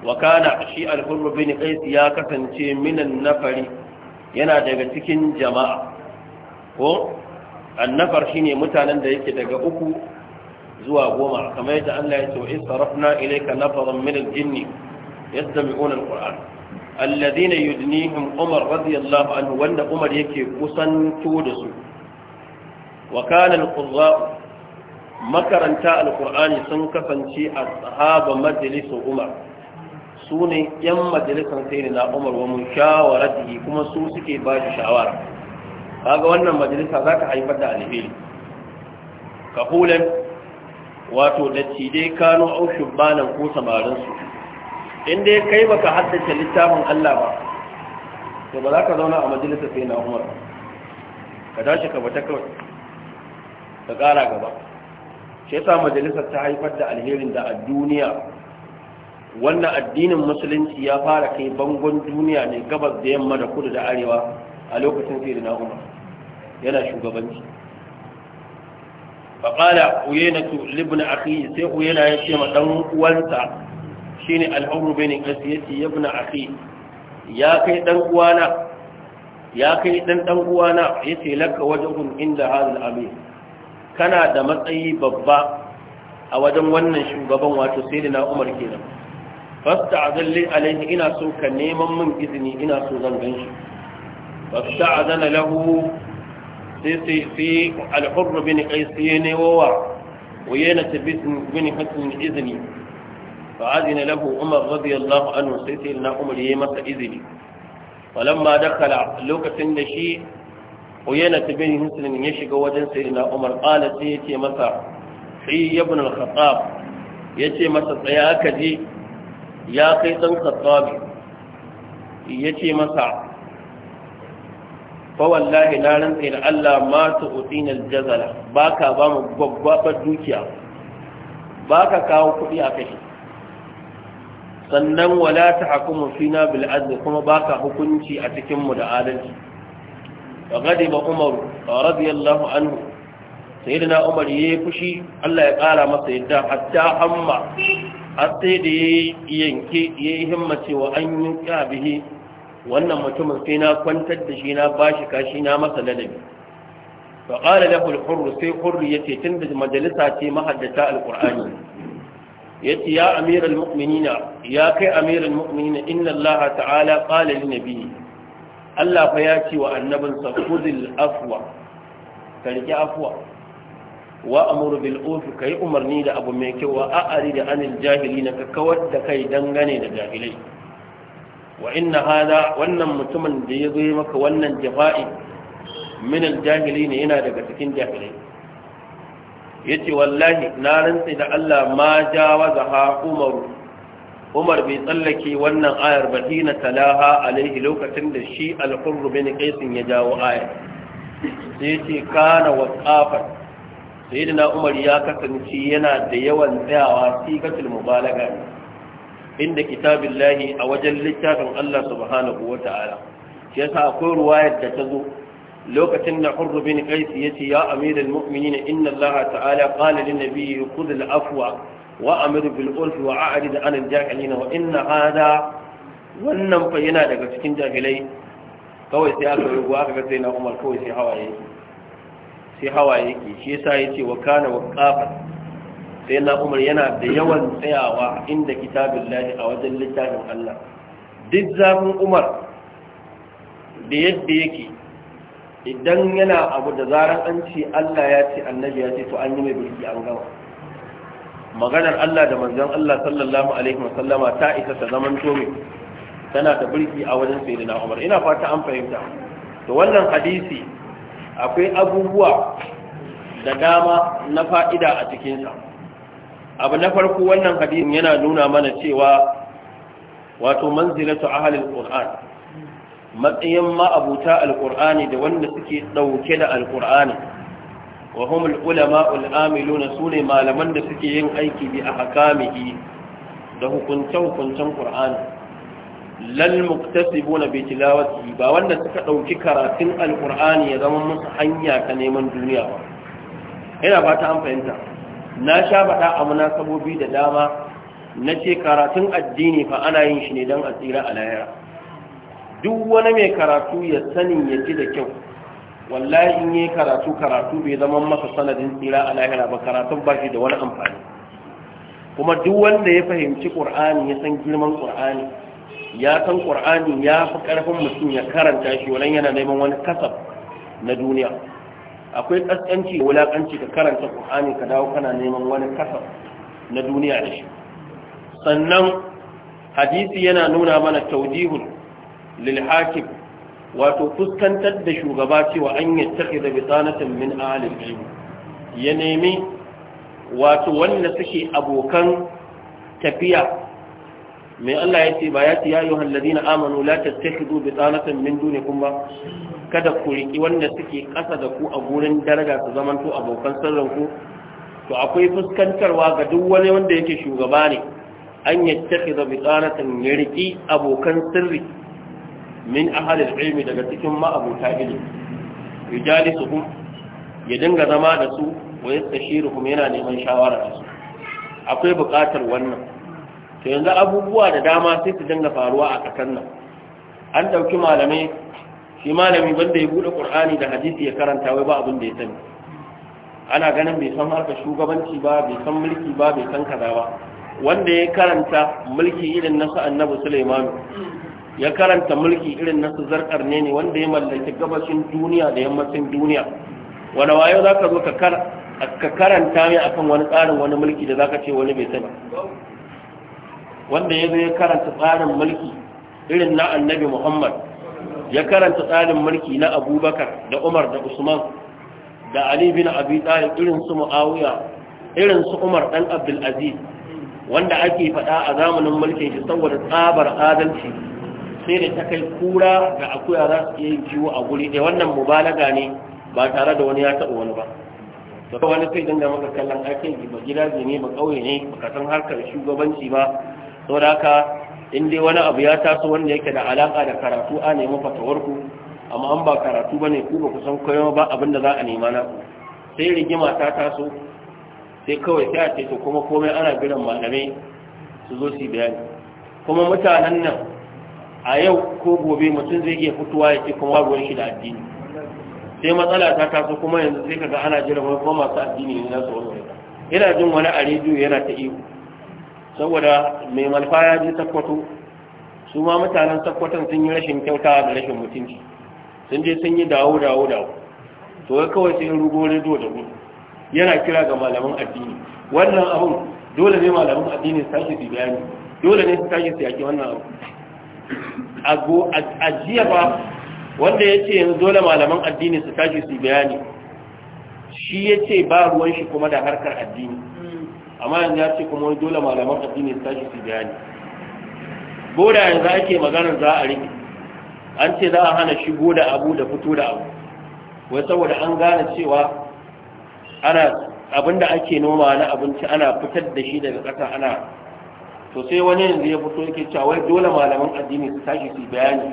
wa kana shi al-hurr bin qais ya kasance minan nafari yana daga cikin jama'a ko annafar shine mutanen da yake daga uku zuwa goma kamar yadda Allah ya ce wa in sarafna ilayka nafaran min al-jinn yastami'una al-qur'an alladhina yudnihim umar radiyallahu anhu wanda umar yake kusanto da su wa kana al-qurra makaranta al-qur'ani sun kasance a majlis umar sune yan sai na umar wa mushawaratihi kuma su suke ba shi kaga wannan majalisa za ka haifar da alheri kahulan wato da dai kano au shubbanan ko samarinsu inda ya kai baka haddace littafin Allah ba to ba za ka zauna a majalisa sai na umar ka tashi ka bata kawai ka kara gaba shi yasa majalisar ta haifar da alherin da a duniya wannan addinin musulunci ya fara kai bangon duniya ne gabas da yamma da kudu da arewa a lokacin sai da na'umar yana shugabanci faƙala uyena tu libna akhi sai uyena ya ce ma ɗan uwansa shine al-umru bayni qasiyati ibn akhi ya kai dan uwana ya kai dan dan uwana yace laka wajhun inda hadal amir kana da matsayi babba a wajen wannan shugaban wato sayyidina umar kenan fasta'zalli alaihi ina so ka neman min izini ina so zan ganshi فاستعذن له سيسي في الحر بن قيسين ووا وينة بن حسن إذني فأذن له عمر رضي الله عنه سيسي لنا عمر يمس إذني فلما دخل لوكة النشيء وينة بن حسن يشق وجن سيدنا عمر قال سيتي مسا حي ابن الخطاب يتي مسا سياك دي يا قيس الخطاب يتي مسا fa wallahi na rantsa da Allah ma tu'tina al-jazala baka ba mu gwaggwabar dukiya baka kawo kuɗi a kai sannan wala tahkumu fina bil adl kuma baka hukunci a cikin mu da adalci wa gadiba umar radiyallahu anhu sayyidina umar yi fushi Allah ya kara masa yadda hatta amma A sai da yayi yanke yayi himmace wa an yunka bihi wannan mutumin sai na kwantar da shi na bashi kashi na masa ladabi fa qala lahu al-hurr sai hurr yace tunda majalisa ce mahaddata al-qur'ani yace ya ya kai amiral mu'minina inna allaha ta'ala qala lin nabiyyi Allah fa ya ce wa annabinsa khudhil afwa karki afwa wa amuru bil urfi kai umarni da abu mai kyau wa a'ari da anil jahilina ka kawar da kai dangane da jahilai wa inna hada wannan mutumin da ya zo maka wannan jafa'i min aljahili ne yana daga cikin jahilai yace wallahi na rantsi da Allah ma jawaza ha Umar Umar bai tsallake wannan ayar ba hina talaha alaihi lokacin da shi al-Qurr bin ya jawo ayar sai yace kana waqafan sayyidina Umar ya kasance yana da yawan tsayawa sigatul mubalaga ne inda kitabin lahi a wajen littafin Allah subhanahu wa ta'ala shi akwai ruwayar da ta zo lokacin da hurru bin ya yace ya amiral na inna Allah ta'ala qala biyu nabiy khudh al-afwa wa amir bil urf wa a'rid an al-jahilin wa inna hada wannan fa yana daga cikin jahilai kawai sai aka rubu aka ga sai na Umar kawai sai hawaye sai hawaye yake shi yasa yace wa kana sai na umar yana da yawan tsayawa inda kitabin lahi a wajen littafin Allah duk zafin umar da yadda yake idan yana abu da zarar an ce Allah ya ce annabi ya ce to an yi mai birki an gama maganar Allah da manzon Allah sallallahu alaihi wasallama ta isa ta zaman tome tana da birki a wajen sayyidina Umar ina fata an fahimta to wannan hadisi akwai abubuwa da dama na fa'ida a cikinsa abu na farko wannan hadisin yana nuna mana cewa wato manzilatu ahlul qur'an matsayin ma'abuta alqur'ani da wanda suke dauke da alqur'ani wa humul ulama al'amiluna sune malaman da suke yin aiki bi ahkamihi da hukunce-hukuncen qur'ani lal muktasibuna bi tilawati ba wanda suka dauki karatun alqur'ani ya zama musu hanya ta neman duniya ba ina fata an fahimta na sha faɗa a munasabobi da dama na ce karatun addini fa ana yin shi ne don a tsira a lahira duk wani mai karatu ya sani ya ji da kyau wallahi in yi karatu karatu bai zama masa sanadin tsira a lahira ba karatun ba shi da wani amfani kuma duk wanda ya fahimci ƙur'ani ya san girman ƙur'ani ya san ƙur'ani ya fi ƙarfin mutum ya karanta shi wannan yana neman wani kasaf na duniya akwai kaskanci da wulakanci ka karanta qur'ani ka dawo kana neman wani kasa na duniya da shi sannan hadisi yana nuna mana tawdihul lil hakim wato fuskantar da shugaba cewa an yattakhidha bitanatan min ahli al-ilm ya nemi wato wanda suke abokan tafiya mai Allah ya ce ba ya ce ya yi halladi amanu la tattakhidhu bitanatan min dunikum ba kada ku riƙi wanda suke ƙasa da ku a gurin daraja su zamanto abokan sirrin to akwai fuskantarwa ga duk wani wanda yake shugaba ne an tafi da bitanatan ya riƙi abokan sirri min ahalil ilmi daga cikin ma'abuta ilimi rijali su ya dinga zama da su wa shi yana neman shawara da su akwai buƙatar wannan to yanzu abubuwa da dama sai su dinga faruwa a ƙasar nan an ɗauki malamai shi malami banda ya bude qur'ani da hadisi ya karanta wai ba abin da ya sani ana ganin bai san harka shugabanci ba bai san mulki ba bai san kaza ba wanda ya karanta mulki irin na su annabi Sulaiman ya karanta mulki irin na su zarkar ne ne wanda ya mallaki gabashin duniya da yammacin duniya wani wayo za ka zo ka karanta mai akan wani tsarin wani mulki da za ka ce wani bai sani wanda ya zo ya karanta tsarin mulki irin na annabi muhammad ya karanta tsarin mulki na abubakar da umar da usman da ali bin abi talib irin su muawiya irin su umar dan abdul aziz wanda ake faɗa a zamanin mulkin shi saboda tsabar adalci sai da ta kai kura ga akuya za su iya yin a guri ɗaya wannan mubalaga ne ba tare da wani ya taɓa wani ba da wani sai dinga maka kallon ake ba ne ba ƙauye ne ba ka san harkar shugabanci ba saboda haka in dai wani abu ya taso wanda yake da alaka da karatu a nemi fatawarku amma an ba karatu ba ne ku ba kusan koyo ba abinda za a nema na ku sai rigima ta taso sai kawai sai a ce to kuma komai ana biran malamai su zo su bayani kuma mutanen nan a yau ko gobe mutum zai iya fitowa ya ce kuma babu shi da addini sai matsala ta taso kuma yanzu sai kaga ana jira ko masu addini ne za su wani ina jin wani a rediyo yana ta ihu saboda mai malfa ya ji sakkwato su ma mutanen sakkwaton sun yi rashin kyauta da rashin mutunci sun je sun yi dawo dawo dawo to ga kawai sai rubo rediyo da gudu yana kira ga malaman addini wannan abun dole ne malaman addini su tashi su bayani dole ne su tashi su yaki wannan abu a jiya ba wanda ya ce yanzu dole malaman addini su tashi su bayani shi ya ce ba ruwan shi kuma da harkar addini amma yanzu ya ce kuma wani dole malaman addini su tashi su bayani boda yanzu ake maganar za a rike an ce za a hana shigo da abu da fito da abu wai saboda an gane cewa ana abinda ake noma na abinci ana fitar da shi daga ƙasa ana to sai wani yanzu ya fito yake cewa wai dole malaman addini su tashi su bayani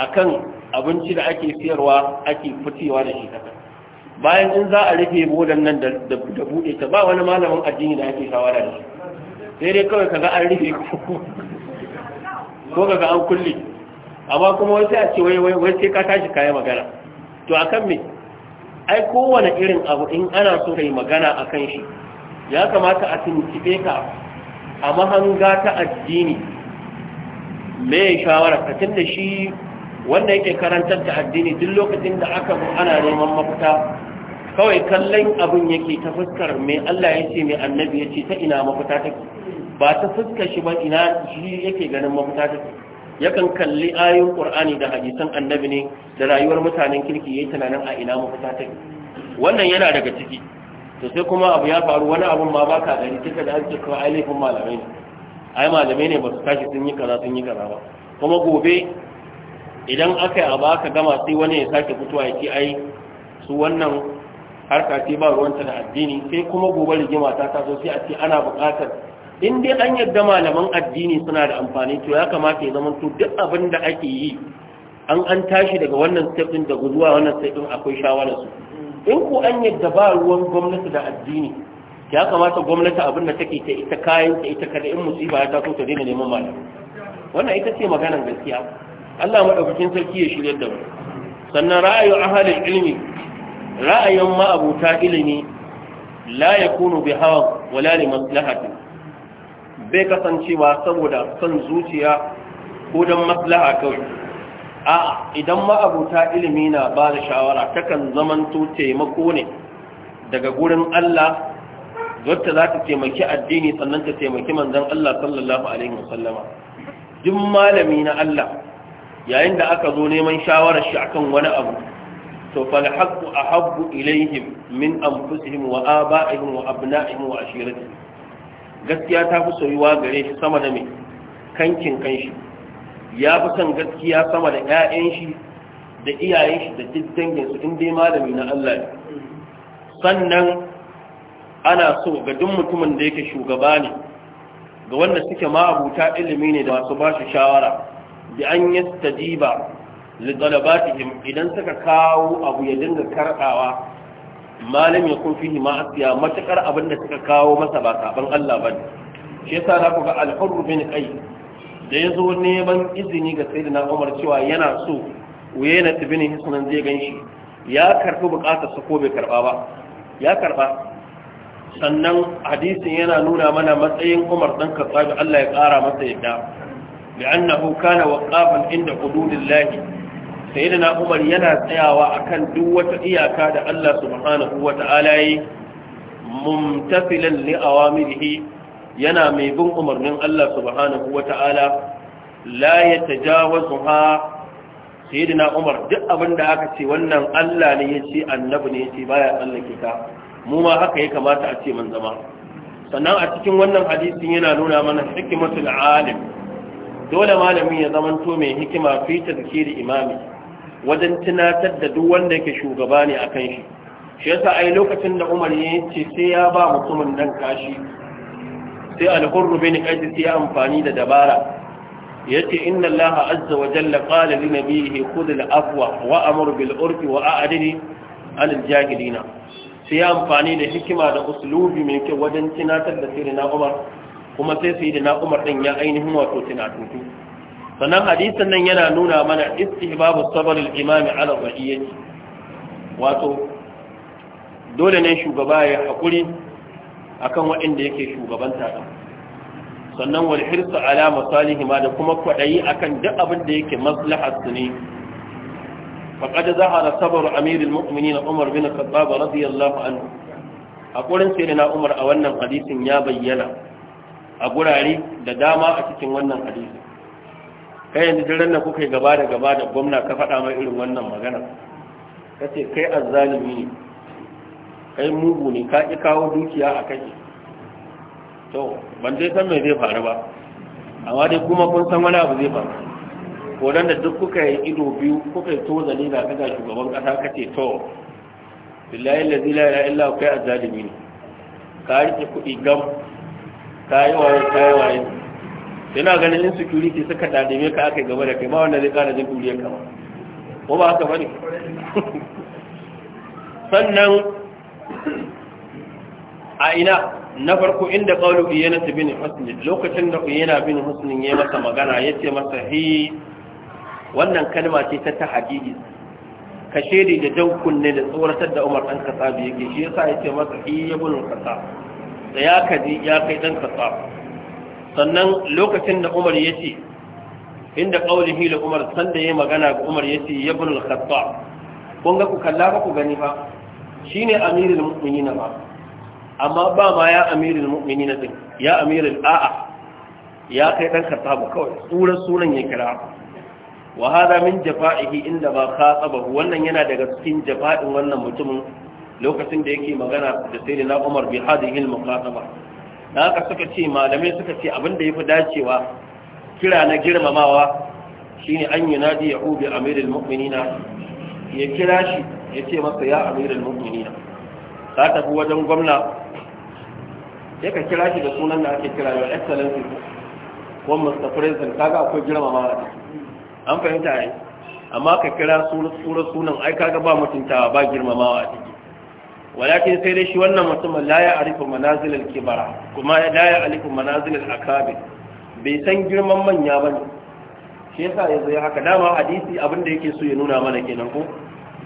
akan abinci da ake siyarwa ake fitewa da shi ƙasa bayan in za a rufe bodan nan da buɗe ta ba wani malamin addini da ake shawara da shi sai dai kawai kaga an rufe ko kaga an kulle amma kuma wasu a ce wai wai sai ka tashi kayi magana to kan me ai kowane irin abu in ana so kai magana akan shi ya kamata a tuntube ka a mahanga ta addini me shawara ka tunda shi wanda yake karantar da addini duk lokacin da aka ana neman mafita kawai kallon abin yake ta fuskar mai Allah ya ce mai annabi ya ce ta ina mafita take ba ta fuskar shi ba ina shi yake ganin mafita take yakan kalli ayoyin Qur'ani da hadisan annabi ne da rayuwar mutanen kirki yayi tunanin a ina mafita take wannan yana daga ciki to sai kuma abu ya faru wani abun ma baka gani kika da ake kawai laifin malamai ne ai malamai ne ba su tashi sun yi kaza sun yi kaza ba kuma gobe idan aka yi abu aka gama sai wani ya sake fitowa ya ce ai su wannan harka ce ba ruwanta da addini sai kuma gobe rigima ta taso sai a ce ana buƙatar in dai an yadda malaman addini suna da amfani to ya kamata ya zama to duk abin da ake yi an an tashi daga wannan step din da zuwa wannan step din akwai shawara su in ko an yadda ba ruwan gwamnati da addini ya kamata gwamnati abin da take ta ita kayan ta ita kada in musiba ya taso ta daina neman malam wannan ita ce maganar gaskiya Allah madaukakin sarki ya shirye da mu sannan ra'ayin ahalin ilmi ra'ayin ma'abuta ilimi la yakunu bi hawa wala li maslahati bai kasancewa saboda son zuciya ko don maslaha kawai a idan ma'abuta ilimi na ba da shawara takan zamanto taimako ne daga gurin Allah za ta taimaki addini sannan ta taimaki manzan Allah sallallahu Alaihi wasallama duk malami na Allah yayin da aka zo neman shawarar shi akan wani abu to fal haqqu ahabbu ilaihim min anfusihim wa aba'ihim wa abna'ihim wa ashiratihim gaskiya ta fi soyuwa gare shi sama da mai kankin kanshi ya fi son gaskiya sama da ƴaƴan shi da iyayen shi da duk dangin su in dai malami na Allah ne sannan ana so ga duk mutumin da yake shugaba ne ga wanda suke abuta ilimi ne da masu ba shi shawara da an yastajiba lidalabatihim idan suka kawo abu ya dinga karkawa malam ya kun fihi ma'asiya abin da suka kawo masa ba saban Allah ba ne shi yasa za ku ga al bin qais da ya zo neman izini ga sayyidina Umar cewa yana so wayna tibini hisnan zai ganshi ya karɓi buƙatar sa ko bai karba ba ya karɓa. sannan hadisin yana nuna mana matsayin Umar dan Khattab Allah ya kara masa yadda bi annahu kana waqafan inda hududillahi sayyidina Umar yana tsayawa akan duk wata iyaka da Allah subhanahu ta'ala) yi mumtasilan li awamirihi yana mai bin umarnin Allah subhanahu ta'ala). la yatajawazuha sayyidina Umar duk abinda aka ce wannan Allah ne yace annabi ne ce, baya tsallake ka mu ma haka ya kamata a ce man zama sannan a cikin wannan hadisin yana nuna mana hikimatul alim dole malamin ya zamanto mai hikima fi tazkiri imami wajen tunatar da duk wanda yake shugaba ne akan shi shi yasa ai lokacin da Umar ya ce sai ya ba mutumin nan kashi sai al-hurru bin qais sai amfani da dabara yace inna allaha azza wa jalla qala li nabiyhi khudh al-afwa wa amur bil urfi wa a'rid anil jahilina sai ya amfani da hikima da uslubi mai kyau wajen tunatar da sirri na Umar kuma sai sai da na Umar din ya ainihin wato tunatutu sannan hadisin nan yana nuna mana istihbabu sabr al ala wahiyati wato dole ne shugaba ya hakuri akan waɗanda yake shugabanta ɗan, sannan wal hirsu ala masalihi ma da kuma kwaɗayi akan duk abin da yake maslahar su ne faqad zahara sabr amir al na Umar bin Khattab radiyallahu anhu hakurin na Umar a wannan hadisin ya bayyana a gurare da dama a cikin wannan hadisin kai yanzu jiran da kuka yi gaba da gaba da gwamna ka faɗa mai irin wannan magana ka ce kai azzalimi ne kai mugu ne ka ƙi kawo dukiya a kai to ban dai san mai zai faru ba amma dai kuma kun san wani abu zai faru ko nan da duk kuka yi ido biyu kuka yi tozali da kaga shugaban ƙasa ka ce to billahi la ilaha illa kai azzalimi ne ka yi kuɗi gam ka yi kai ka yi waye yana ganin in security suka dadime ka aka gaba da kai ma wanda zai kara jin duriyar kama ko ba haka bane sannan a ina na farko inda qawlu yana bin husn lokacin da yana bin husn ya masa magana yace masa hi wannan kalma ce ta tahdidi ka shede da jan kunne da tsoratar da Umar dan Khattab yake shi yasa yace masa hi ibn Khattab da ya kaji ya kai dan Khattab sannan lokacin da umar ya ce inda ƙaunihi da umar sanda ya magana ga umar ya ce ya bunul khatta kun ga ku kalla ba ku gani ba shi ne amirin mu'minina ba amma ba ma ya amirin na din ya amirin a'a ya kai ɗan khattabu kawai tsuran sunan ya kira wa hada min jafa'ihi inda ba ka khataba wannan yana daga cikin jafa'in wannan mutumin lokacin da yake magana da sai na Umar bi hadihi al-muqataba da haka suka ce malamai suka ce abin da ya fi dacewa kira na girmamawa shine an yi nadi ya ubi amirul mu'minina ya kira shi ya ce masa ya amirul mu'minina ka tafi wajen gwamna ya ka kira shi da sunan da ake kira your excellency ko mr president kaga akwai girmamawa ne an fahimta ne amma ka kira sunan ai kaga ba mutuntawa ba girmamawa a ciki walakin sai dai shi wannan mutumin la ya arifu manazilal kibara kuma ya la ya alifu manazilal akabir bai san girman manya bane shi yasa yanzu ya haka dama hadisi abin da yake so ya nuna mana kenan ko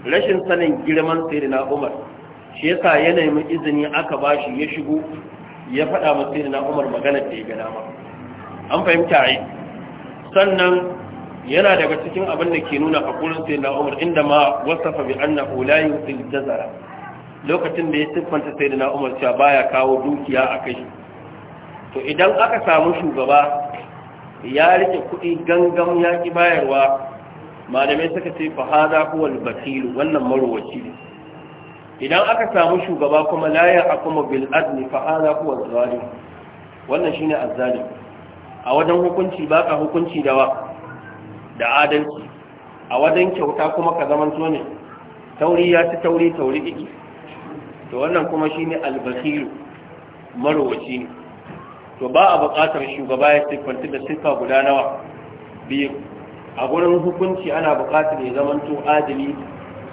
rashin sanin girman sayyidina Umar shi yasa ya nemi izini aka bashi ya shigo ya faɗa ma sayyidina Umar magana da ya ga dama an fahimta ai sannan yana daga cikin abin da ke nuna hakurin sayyidina Umar inda ma wasafa bi annahu la yusil jazara lokacin da ya siffanta sai da na umar cewa baya kawo dukiya a kai to idan aka samu shugaba ya rike kuɗi gangam ya ki bayarwa malamai suka ce fa hada huwa al-batil wannan marwaci ne idan aka samu shugaba kuma la ya akuma bil adl fa hada huwa al-zalim wannan shine azzalim a wajen hukunci baka hukunci dawa da adalci a wajen kyauta kuma ka zaman ne tauri ya ci tauri tauri iki to wannan kuma shi shine albasiru marowaci ne to ba a buƙatar shugaba ya siffanta da siffa guda nawa biyu a gurin hukunci ana buƙatar ya zama to adini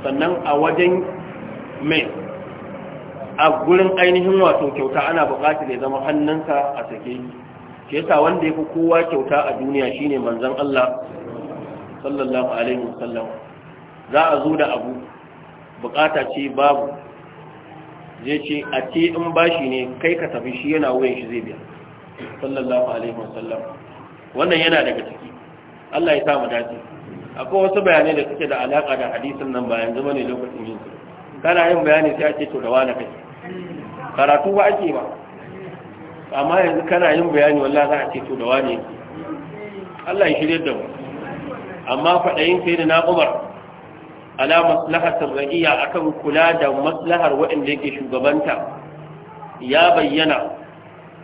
sannan a wajen mai a gurin ainihin wato kyauta ana buƙatar ya zama hannunsa a sake shi yasa wanda ya fi kowa kyauta a duniya shine manzon Allah sallallahu alaihi wasallam za a zo da abu Buƙata ce babu zai ce a ce in bashi ne kai ka tafi shi yana wuyan shi zai biya sallallahu alaihi wasallam wannan yana daga ciki Allah ya sa mu dace akwai wasu bayanai da suke da alaka da hadisin nan ba yanzu bane lokacin yin su kana yin bayani sai a ce to da wani kai karatu ba ake ba amma yanzu kana yin bayani wallahi za a ce to da wani Allah ya shirye da mu amma fadayin kai da na Umar ala maslahatar ra'iya akan kula da maslahar waɗanda yake shugabanta ya bayyana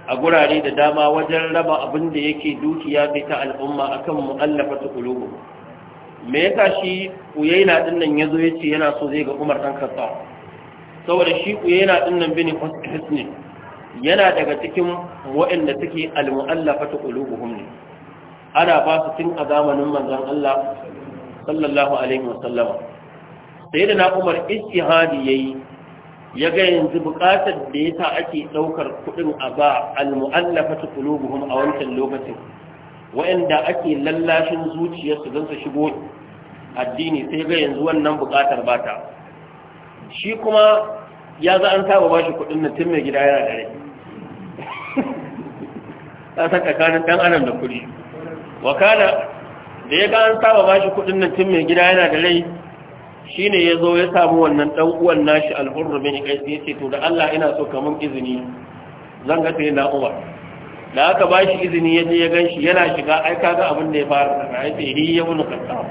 a gurare da dama wajen raba abin da yake dukiya bai ta al'umma akan mu'allafa ta kulubu me yasa shi uyaina din nan ya zo ya ce yana so zai ga Umar dan Khattab saboda shi uyaina din nan bin ne, yana daga cikin waɗanda suke al-mu'allafa ta ne ana ba su tun a zamanin manzon Allah sallallahu alaihi wasallama sai da na'umar umar istihadi ya yi ya ga yanzu buƙatar da ya sa ake ɗaukar kuɗin a ba al-mu'allafa ta kulubuhum a wancan lokacin wa'anda ake lallashin zuciyarsu don su shigo addini sai ga yanzu wannan buƙatar ba ta shi kuma ya za an saba ba shi kuɗin na tun mai gida yana da rai ta san tsakanin dan adam da kuɗi wakana da ya ga an saba ba shi kuɗin na tun mai gida yana da rai Shi ne ya zo ya samu wannan ɗan'uwan uwan nashi al-Hurr bin ya ce to da Allah ina so ka mun izini zan ga sai da aka ba shi izini ya je ya gan shi yana shiga aika ga abin da ya fara da ce hi ya mun katta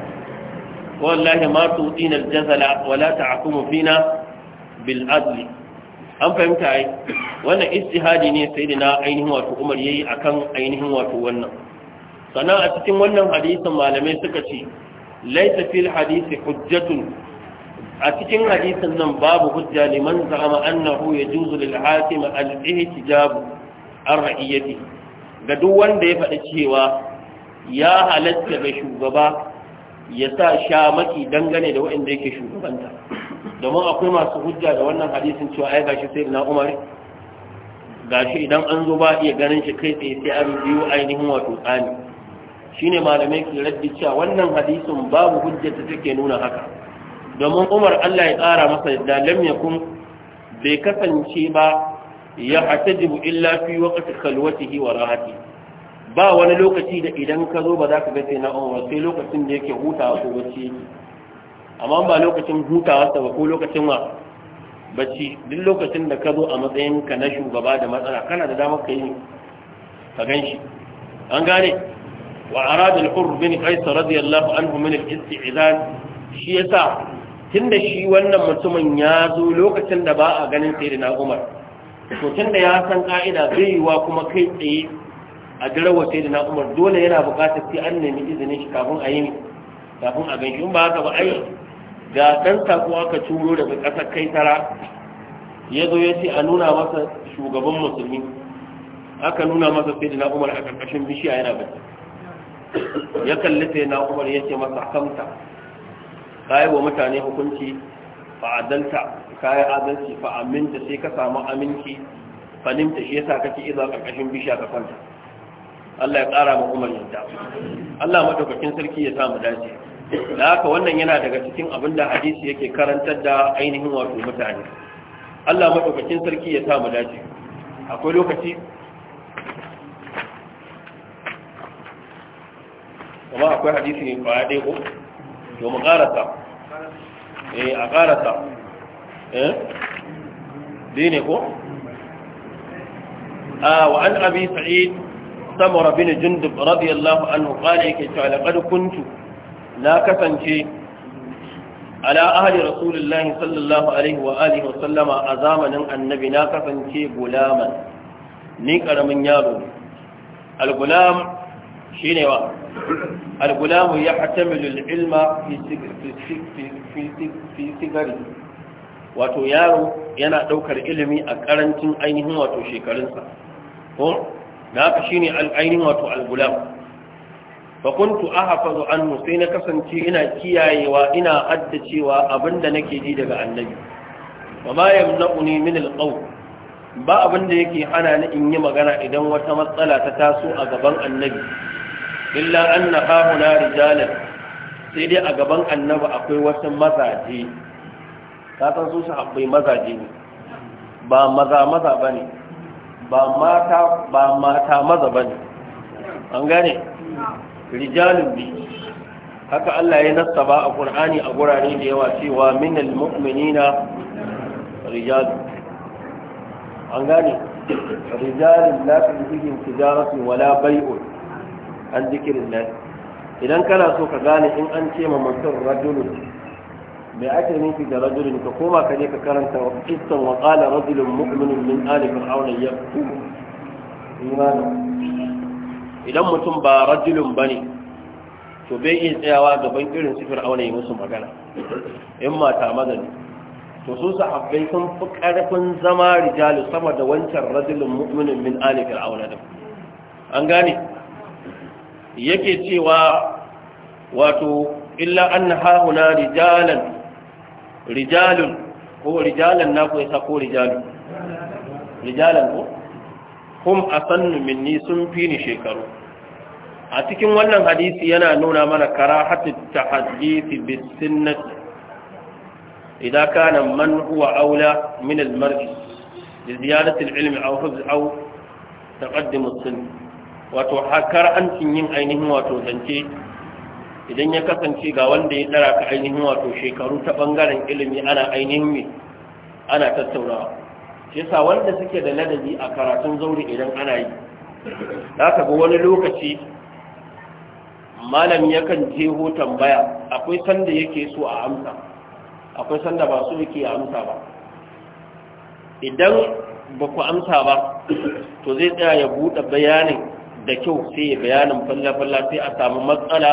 wallahi ma su al-jazala wala ta ta'kumu fina bil adli an fahimta ai wannan istihadi ne sai da na ainihin wato umar yayi akan ainihin wato wannan sannan a cikin wannan hadisin malamai suka ce Laita fil hadisi hujjatun a cikin hadisin nan babu hujja liman zama annahu yajuzu lil hakim al ihtijab ar ra'iyati ga duk wanda ya faɗi cewa ya halatta ga shugaba ya sa shamaki dangane da waɗanda yake shugabanta domin akwai masu hujja da wannan hadisin cewa ai gashi sai na umar gashi idan an zo ba iya ganin shi kai tsaye sai an biyu ainihin wato tsani shine malamai ke raddi cewa wannan hadisin babu hujja ta take nuna haka domin Umar Allah ya tsara masa da lam yakun bai kasance ba ya atajibu illa fi waqti khalwatihi wa rahati ba wani lokaci da idan ka zo ba za ka ga sai na Umar sai lokacin da yake hutawa ko bacci amma ba lokacin hutawa sa ba ko lokacin wa bacci duk lokacin da ka zo a matsayin ka na shugaba da matsala kana da damar ka yi ka gan shi an gane وأراد الحر بن قيس رضي الله عنه من الاستعلان شيء يسا tunda shi wannan mutumin ya zo lokacin da ba a ganin sai na umar to tunda ya san ka'ida baiwa kuma kai tsaye a jirawa sai na umar dole yana buƙatar sai an nemi izinin shi kafin a yi kafin a ganshi in ba haka ba ai ga dan sako aka turo daga ƙasar kai tara ya zo ya ce a nuna masa shugaban musulmi aka nuna masa sai na umar a ƙarƙashin bishiya yana bacci ya kalli sai na umar ya ce masa kamta ka yi wa mutane hukunci fa'adalta ka yi adalci fa'aminta sai ka samu aminci fanimta shi ya sa kake iza ƙarƙashin bishiya ka kwanta Allah ya ƙara ma umar yadda Allah matakakin sarki ya samu dace da haka wannan yana daga cikin abin da hadisi yake karantar da ainihin wato mutane Allah matakakin sarki ya samu dace akwai lokaci kuma akwai hadisi ne kwaya ɗaya ko to mu karasa eh a karasa eh dai ne ko a wa an abi sa'id samura bin jundub radiyallahu anhu qala yake cewa laqad kuntu na kasance ala ahli rasulullahi sallallahu alaihi wa alihi wa sallama a zamanin annabi na kasance gulaman ni ƙaramin yaro al-gulam shine wa al-gulamu yahtamilu في في في wato yaro yana daukar ilimi a karancin ainihin wato shekarunsa ko na haka shine ainihin wato al-gulam fa kuntu ahfazu annu sai na kasance ina kiyayewa ina addacewa abinda nake ji daga annabi wa ma yamna'uni min al ba abinda yake hana ni in yi magana idan wata matsala ta taso a gaban annabi illa anna hahuna rijalin, sai dai a gaban annaba akwai wasu mazaje ka san su sahabbai mazaje ne ba maza maza bane ba mata ba mata maza ba ne. an gane Rijalin bi haka Allah ya ba a Qur'ani a gurare da yawa cewa minal mu'minina Rijalin an gane rijalun la tulhihim tijaratun wala bai'un an zikirin lafi idan kana so ka gane in an ce ma mutum rajulun me ake nufi da rajulun ka koma ka je ka karanta wa kistan wa qala rajulun mu'minun min ali fir'auna yaqtu imana idan mutum ba rajulun bane to bai iya tsayawa gaban irin su fir'auna ya musu magana in mata magana to su sahabbai sun fi karfin zama rijalu sama da wancan rajulun mu'minun min ali fir'auna din an gane yake cewa wato illa an hauna rijalan rijalun ko rijalan na ku yasa ko rijalun rijalan ko hum asannu minni sun fi ni shekaru a cikin wannan hadisi yana nuna mana karahatu tahaddisi bis sunnati idan kana man huwa aula min al-mar'i li ziyadati al-ilmi aw hifz aw taqaddum al sunnah wato hakar hancin yin ainihin wato zance idan ya kasance ga wanda ya tsara ka ainihin wato shekaru ta bangaren ilimi ana ainihin mai ana tattaunawa shi yasa wanda suke da ladabi a karatun zauri idan ana yi za ka ga wani lokaci malam yakan je ho tambaya akwai sanda yake so a amsa akwai sanda ba su yake amsa ba idan ba ku amsa ba to zai tsaya ya buɗe bayanin da kyau sai ya bayanin falla-falla sai a samu matsala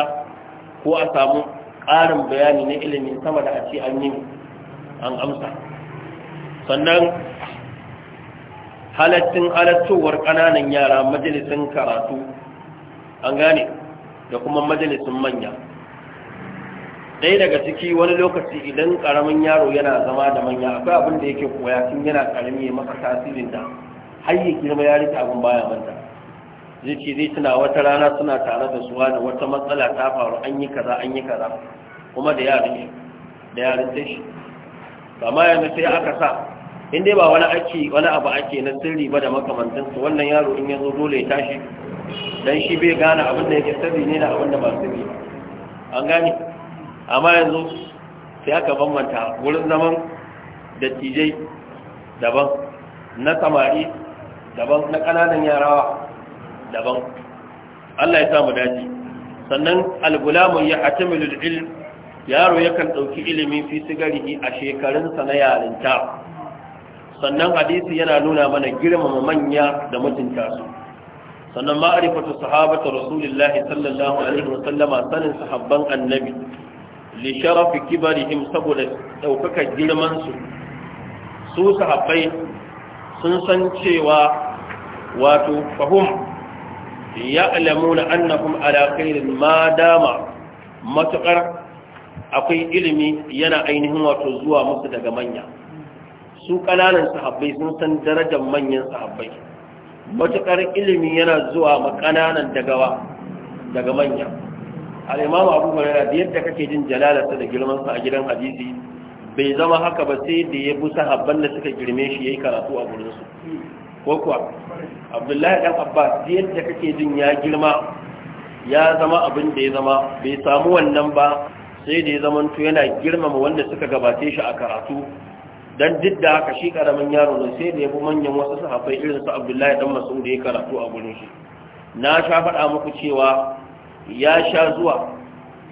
ko a samu ƙarin bayani na ilimin sama da a an yi an amsa sannan halattun alattowar ƙananan yara majalisun karatu an gane da kuma majalisun manya ɗaya daga ciki wani lokaci idan ƙaramin yaro yana zama da manya akwai abin da yake koya tun yana ƙarami ya masa tasirin da har yi girma ya rike abin baya manta zuci zai tuna wata rana suna tare da suwa da wata matsala ta faru an yi kaza an yi kaza kuma da yarin shi da yarin ta shi kama yanzu sai aka sa in dai ba wani ake wani abu ake na sirri ba da makamantansu wannan yaro in yanzu dole ya tashi dan shi bai gane abin da yake sirri ne da abin da ba sirri an gane amma yanzu sai aka bambanta wurin zaman dattijai daban na samari daban na ƙananan yarawa daban Allah ya samu daji. sannan al-gulamu ya atamilu ilm yaro yakan dauki ilimi fi sigarihi a shekarunsa na yarinta sannan hadisi yana nuna mana girmama manya da mutunta su sannan ma'rifatu sahabatu rasulillahi sallallahu alaihi wa sallama sanin sahabban annabi li sharafi kibarihim saboda daukaka girman su su sahabbai sun san cewa wato fahum ya'lamuna annakum ala khairin ma dama matukar akwai ilimi yana ainihin wato zuwa musu daga manya su kananan sahabbai sun san darajar manyan sahabbai matukar ilimi yana zuwa ma kananan dagawa daga manya al-imamu abu hurairah da yadda kake jin jalalata da girman a gidan hadisi bai zama haka ba sai da ya bi sahabban da suka girme shi yayi karatu a gurin ko kuwa abdullahi dan abbas yadda kake jin ya girma ya zama abin da ya zama bai samu wannan ba sai da ya zamanto yana girmama wanda suka gabace shi a karatu dan duk da haka shi karamin yaro ne sai da ya fi manyan wasu sahabbai irin su abdullahi dan mas'ud da ya karatu a gurin shi na sha faɗa muku cewa ya sha zuwa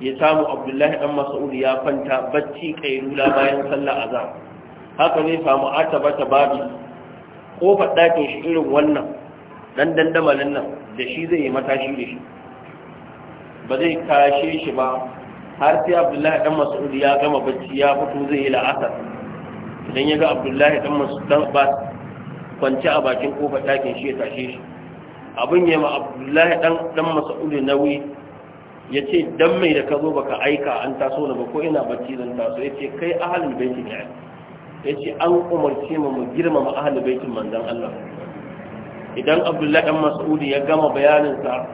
ya samu abdullahi dan mas'ud ya kwanta bacci kairula bayan sallar azhar haka ne samu ta babi kofar ɗakin shi irin wannan ɗan dandamalin nan da shi zai yi matashi da shi ba zai kashe shi ba har sai abdullahi ɗan mas'ud ya gama bacci ya fito zai yi la'asar idan ya ga abdullahi ɗan mas'ud dan a bakin kofar ɗakin shi ya tashe shi abin ya ma abdullahi ɗan mas'ud nauyi ya ce dan mai da ka zo baka aika an taso na ba ko ina bacci zan taso ya ce kai ahalin baitin ya yace an umarce mu mu girmama ahli baitin manzon Allah idan Abdullahi dan masudi ya gama bayanin sa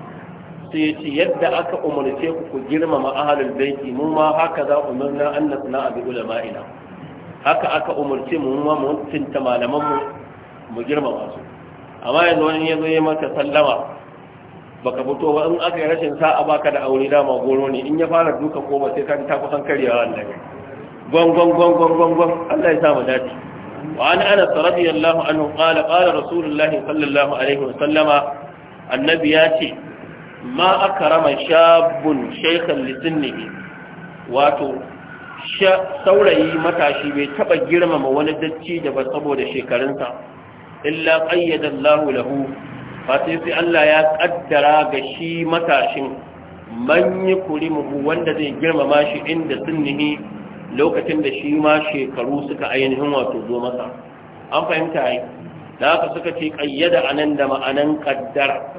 sai yace yadda aka umarce ku ku girmama ahlul baiti mu ma haka za umarna an nasna bi ulama'ina haka aka umarce mu ma mu tinta malaman mu mu girmama su amma yanzu wani yazo ya maka sallama baka fito ba in aka yi rashin sa'a baka da aure dama goro ne in ya fara duka ko ba sai ka ta kusan karyawa wallahi gwangwan gwangwan gwangwan Allah ya sa mu dace wa an ana radiyallahu anhu qala qala rasulullahi sallallahu alaihi wa sallama annabi ya ce ma akrama shabun shaykhan li sinnihi wato saurayi matashi bai taba girmama wani dacci da ba saboda shekarunsa illa qayyada Allahu lahu fa sai Allah ya kaddara ga shi matashin man yukrimuhu wanda zai girmama shi inda sunnihi lokacin da shi ma shekaru suka ainihin wato zo masa an fahimta ai da haka suka ce qayyada anan da ma'anan qaddara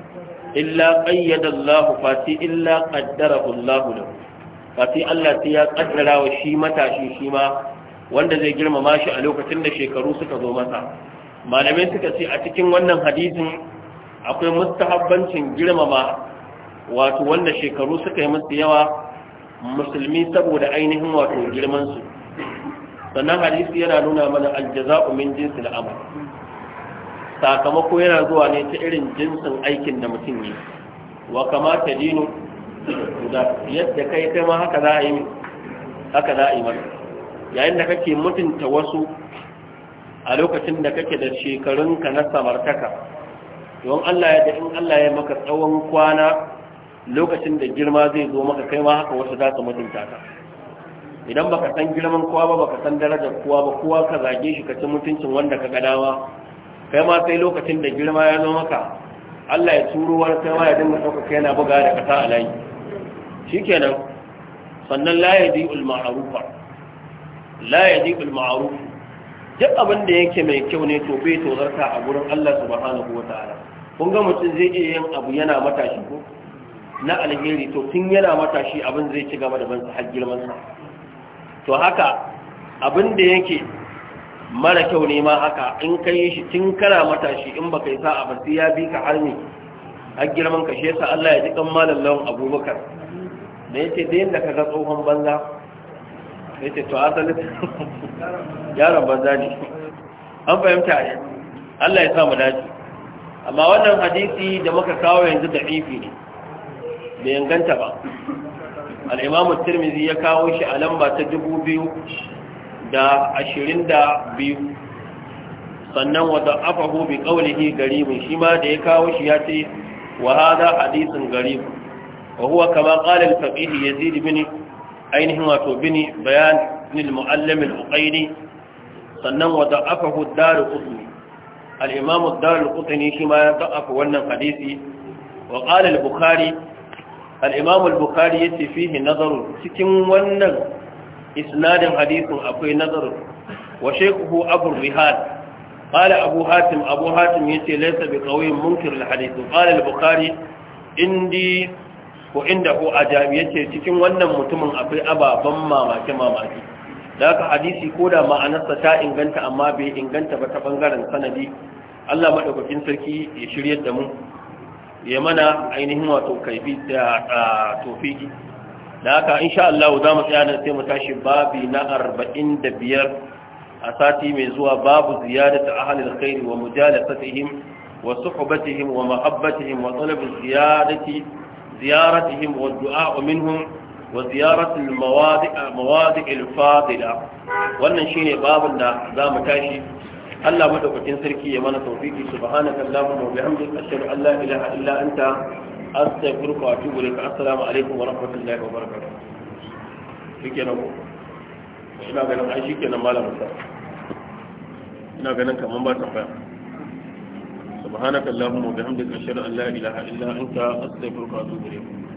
illa qayyada Allah fati illa qaddarahu Allah lahu fati Allah sai ya kaddara wa shi matashi shi ma wanda zai girmama shi a lokacin da shekaru suka zo masa malamai suka ce a cikin wannan hadisin akwai mustahabbancin girmama wato wanda shekaru suka yi musu yawa musulmi saboda ainihin wato girman su sannan hadisi yana nuna mana aljaza'u min jinsil amal sakamako yana zuwa ne ta irin jinsin aikin da mutum yi wa kamata dinu da yadda kai kai ma haka za a yi haka za a yi masa yayin da kake mutunta wasu a lokacin da kake da shekarunka na samartaka don Allah ya da in Allah ya maka tsawon kwana lokacin da girma zai zo maka kai ma haka wasu za su mutunta ka idan baka san girman kowa ba baka san darajar kowa ba kowa ka zage shi ka ci mutuncin wanda ka gadawa kai ma sai lokacin da girma ya zo maka Allah ya turo wani kai ma ya dinga kai yana buga da kasa a layi shikenan sannan la yadi ul ma'rufa la yadi ul ma'ruf duk abin da yake mai kyau ne to bai tozarta a gurin Allah subhanahu wataala kun ga mutum zai iya yin abu yana matashi ko na alheri to tun yana matashi abin zai ci gaba da ban har girmansa to haka abin da yake mara kyau ne ma haka in ka yi shi tun kana matashi in baka yi sa'a ba sai ya bi ka har ne har girman ka shi yasa Allah ya ji kan malam lawan Abubakar da yake da yanda kaga tsohon banza yake to asalin yaron banza ne an fahimta ne Allah ya sa mu dace amma wannan hadisi da muka kawo yanzu da ifi ne bai inganta ba al'imamu tirmizi ya kawo shi a lamba ta dubu biyu da ashirin da biyu sannan wata afahu bi kaulihi garibin shi ma da ya kawo shi ya ce wa hada hadisin garib wa huwa kama qala al-faqih yazid bin ainihin wato bini bayanin al-muallim sannan wata afahu ad-darqutni al-imam ad-darqutni shi ma ya da'afa wannan hadisi wa qala al al’imamu al’ukari ya ce fi nazaru cikin wannan isnadin hadisun akwai nazaru wa shekuhu abun rihad ƙala abu hatim abu hatim ya ce laisa bi ƙauyin munkir al’adisun ƙala al’ukari indi ko inda ko a ya ce cikin wannan mutumin akwai ababen mamaki mamaki da aka hadisi ko da ma'anarsa ta inganta amma bai inganta ba ta ɓangaren sanadi allah maɗaukakin sarki ya shirya da mu ya mana ainihin wato kaifi da tofiki da haka insha Allah za mu tsaya da sai mu tashi babi na 45 a sati mai zuwa babu ziyadatu ahlil khair wa mujalasatihim wa suhbatihim wa mahabbatihim wa talab ziyadati ziyaratihim wa du'a minhum wa ziyaratul mawadi' mawadi' al-fadila wannan shine babun da za mu tashi Allah madaukakin sarki ya mana tawfiki subhanaka allahumma wa bihamdika ashhadu an la ilaha illa anta astaghfiruka wa atubu ilaik assalamu alaikum wa rahmatullahi wa barakatuh shikenan ko ina ganin ai shikenan Malam sa ina ganin kaman ba tambaya سبحانك اللهم وبحمدك أشهد أن لا إله إلا أنت wa وأتوب إليك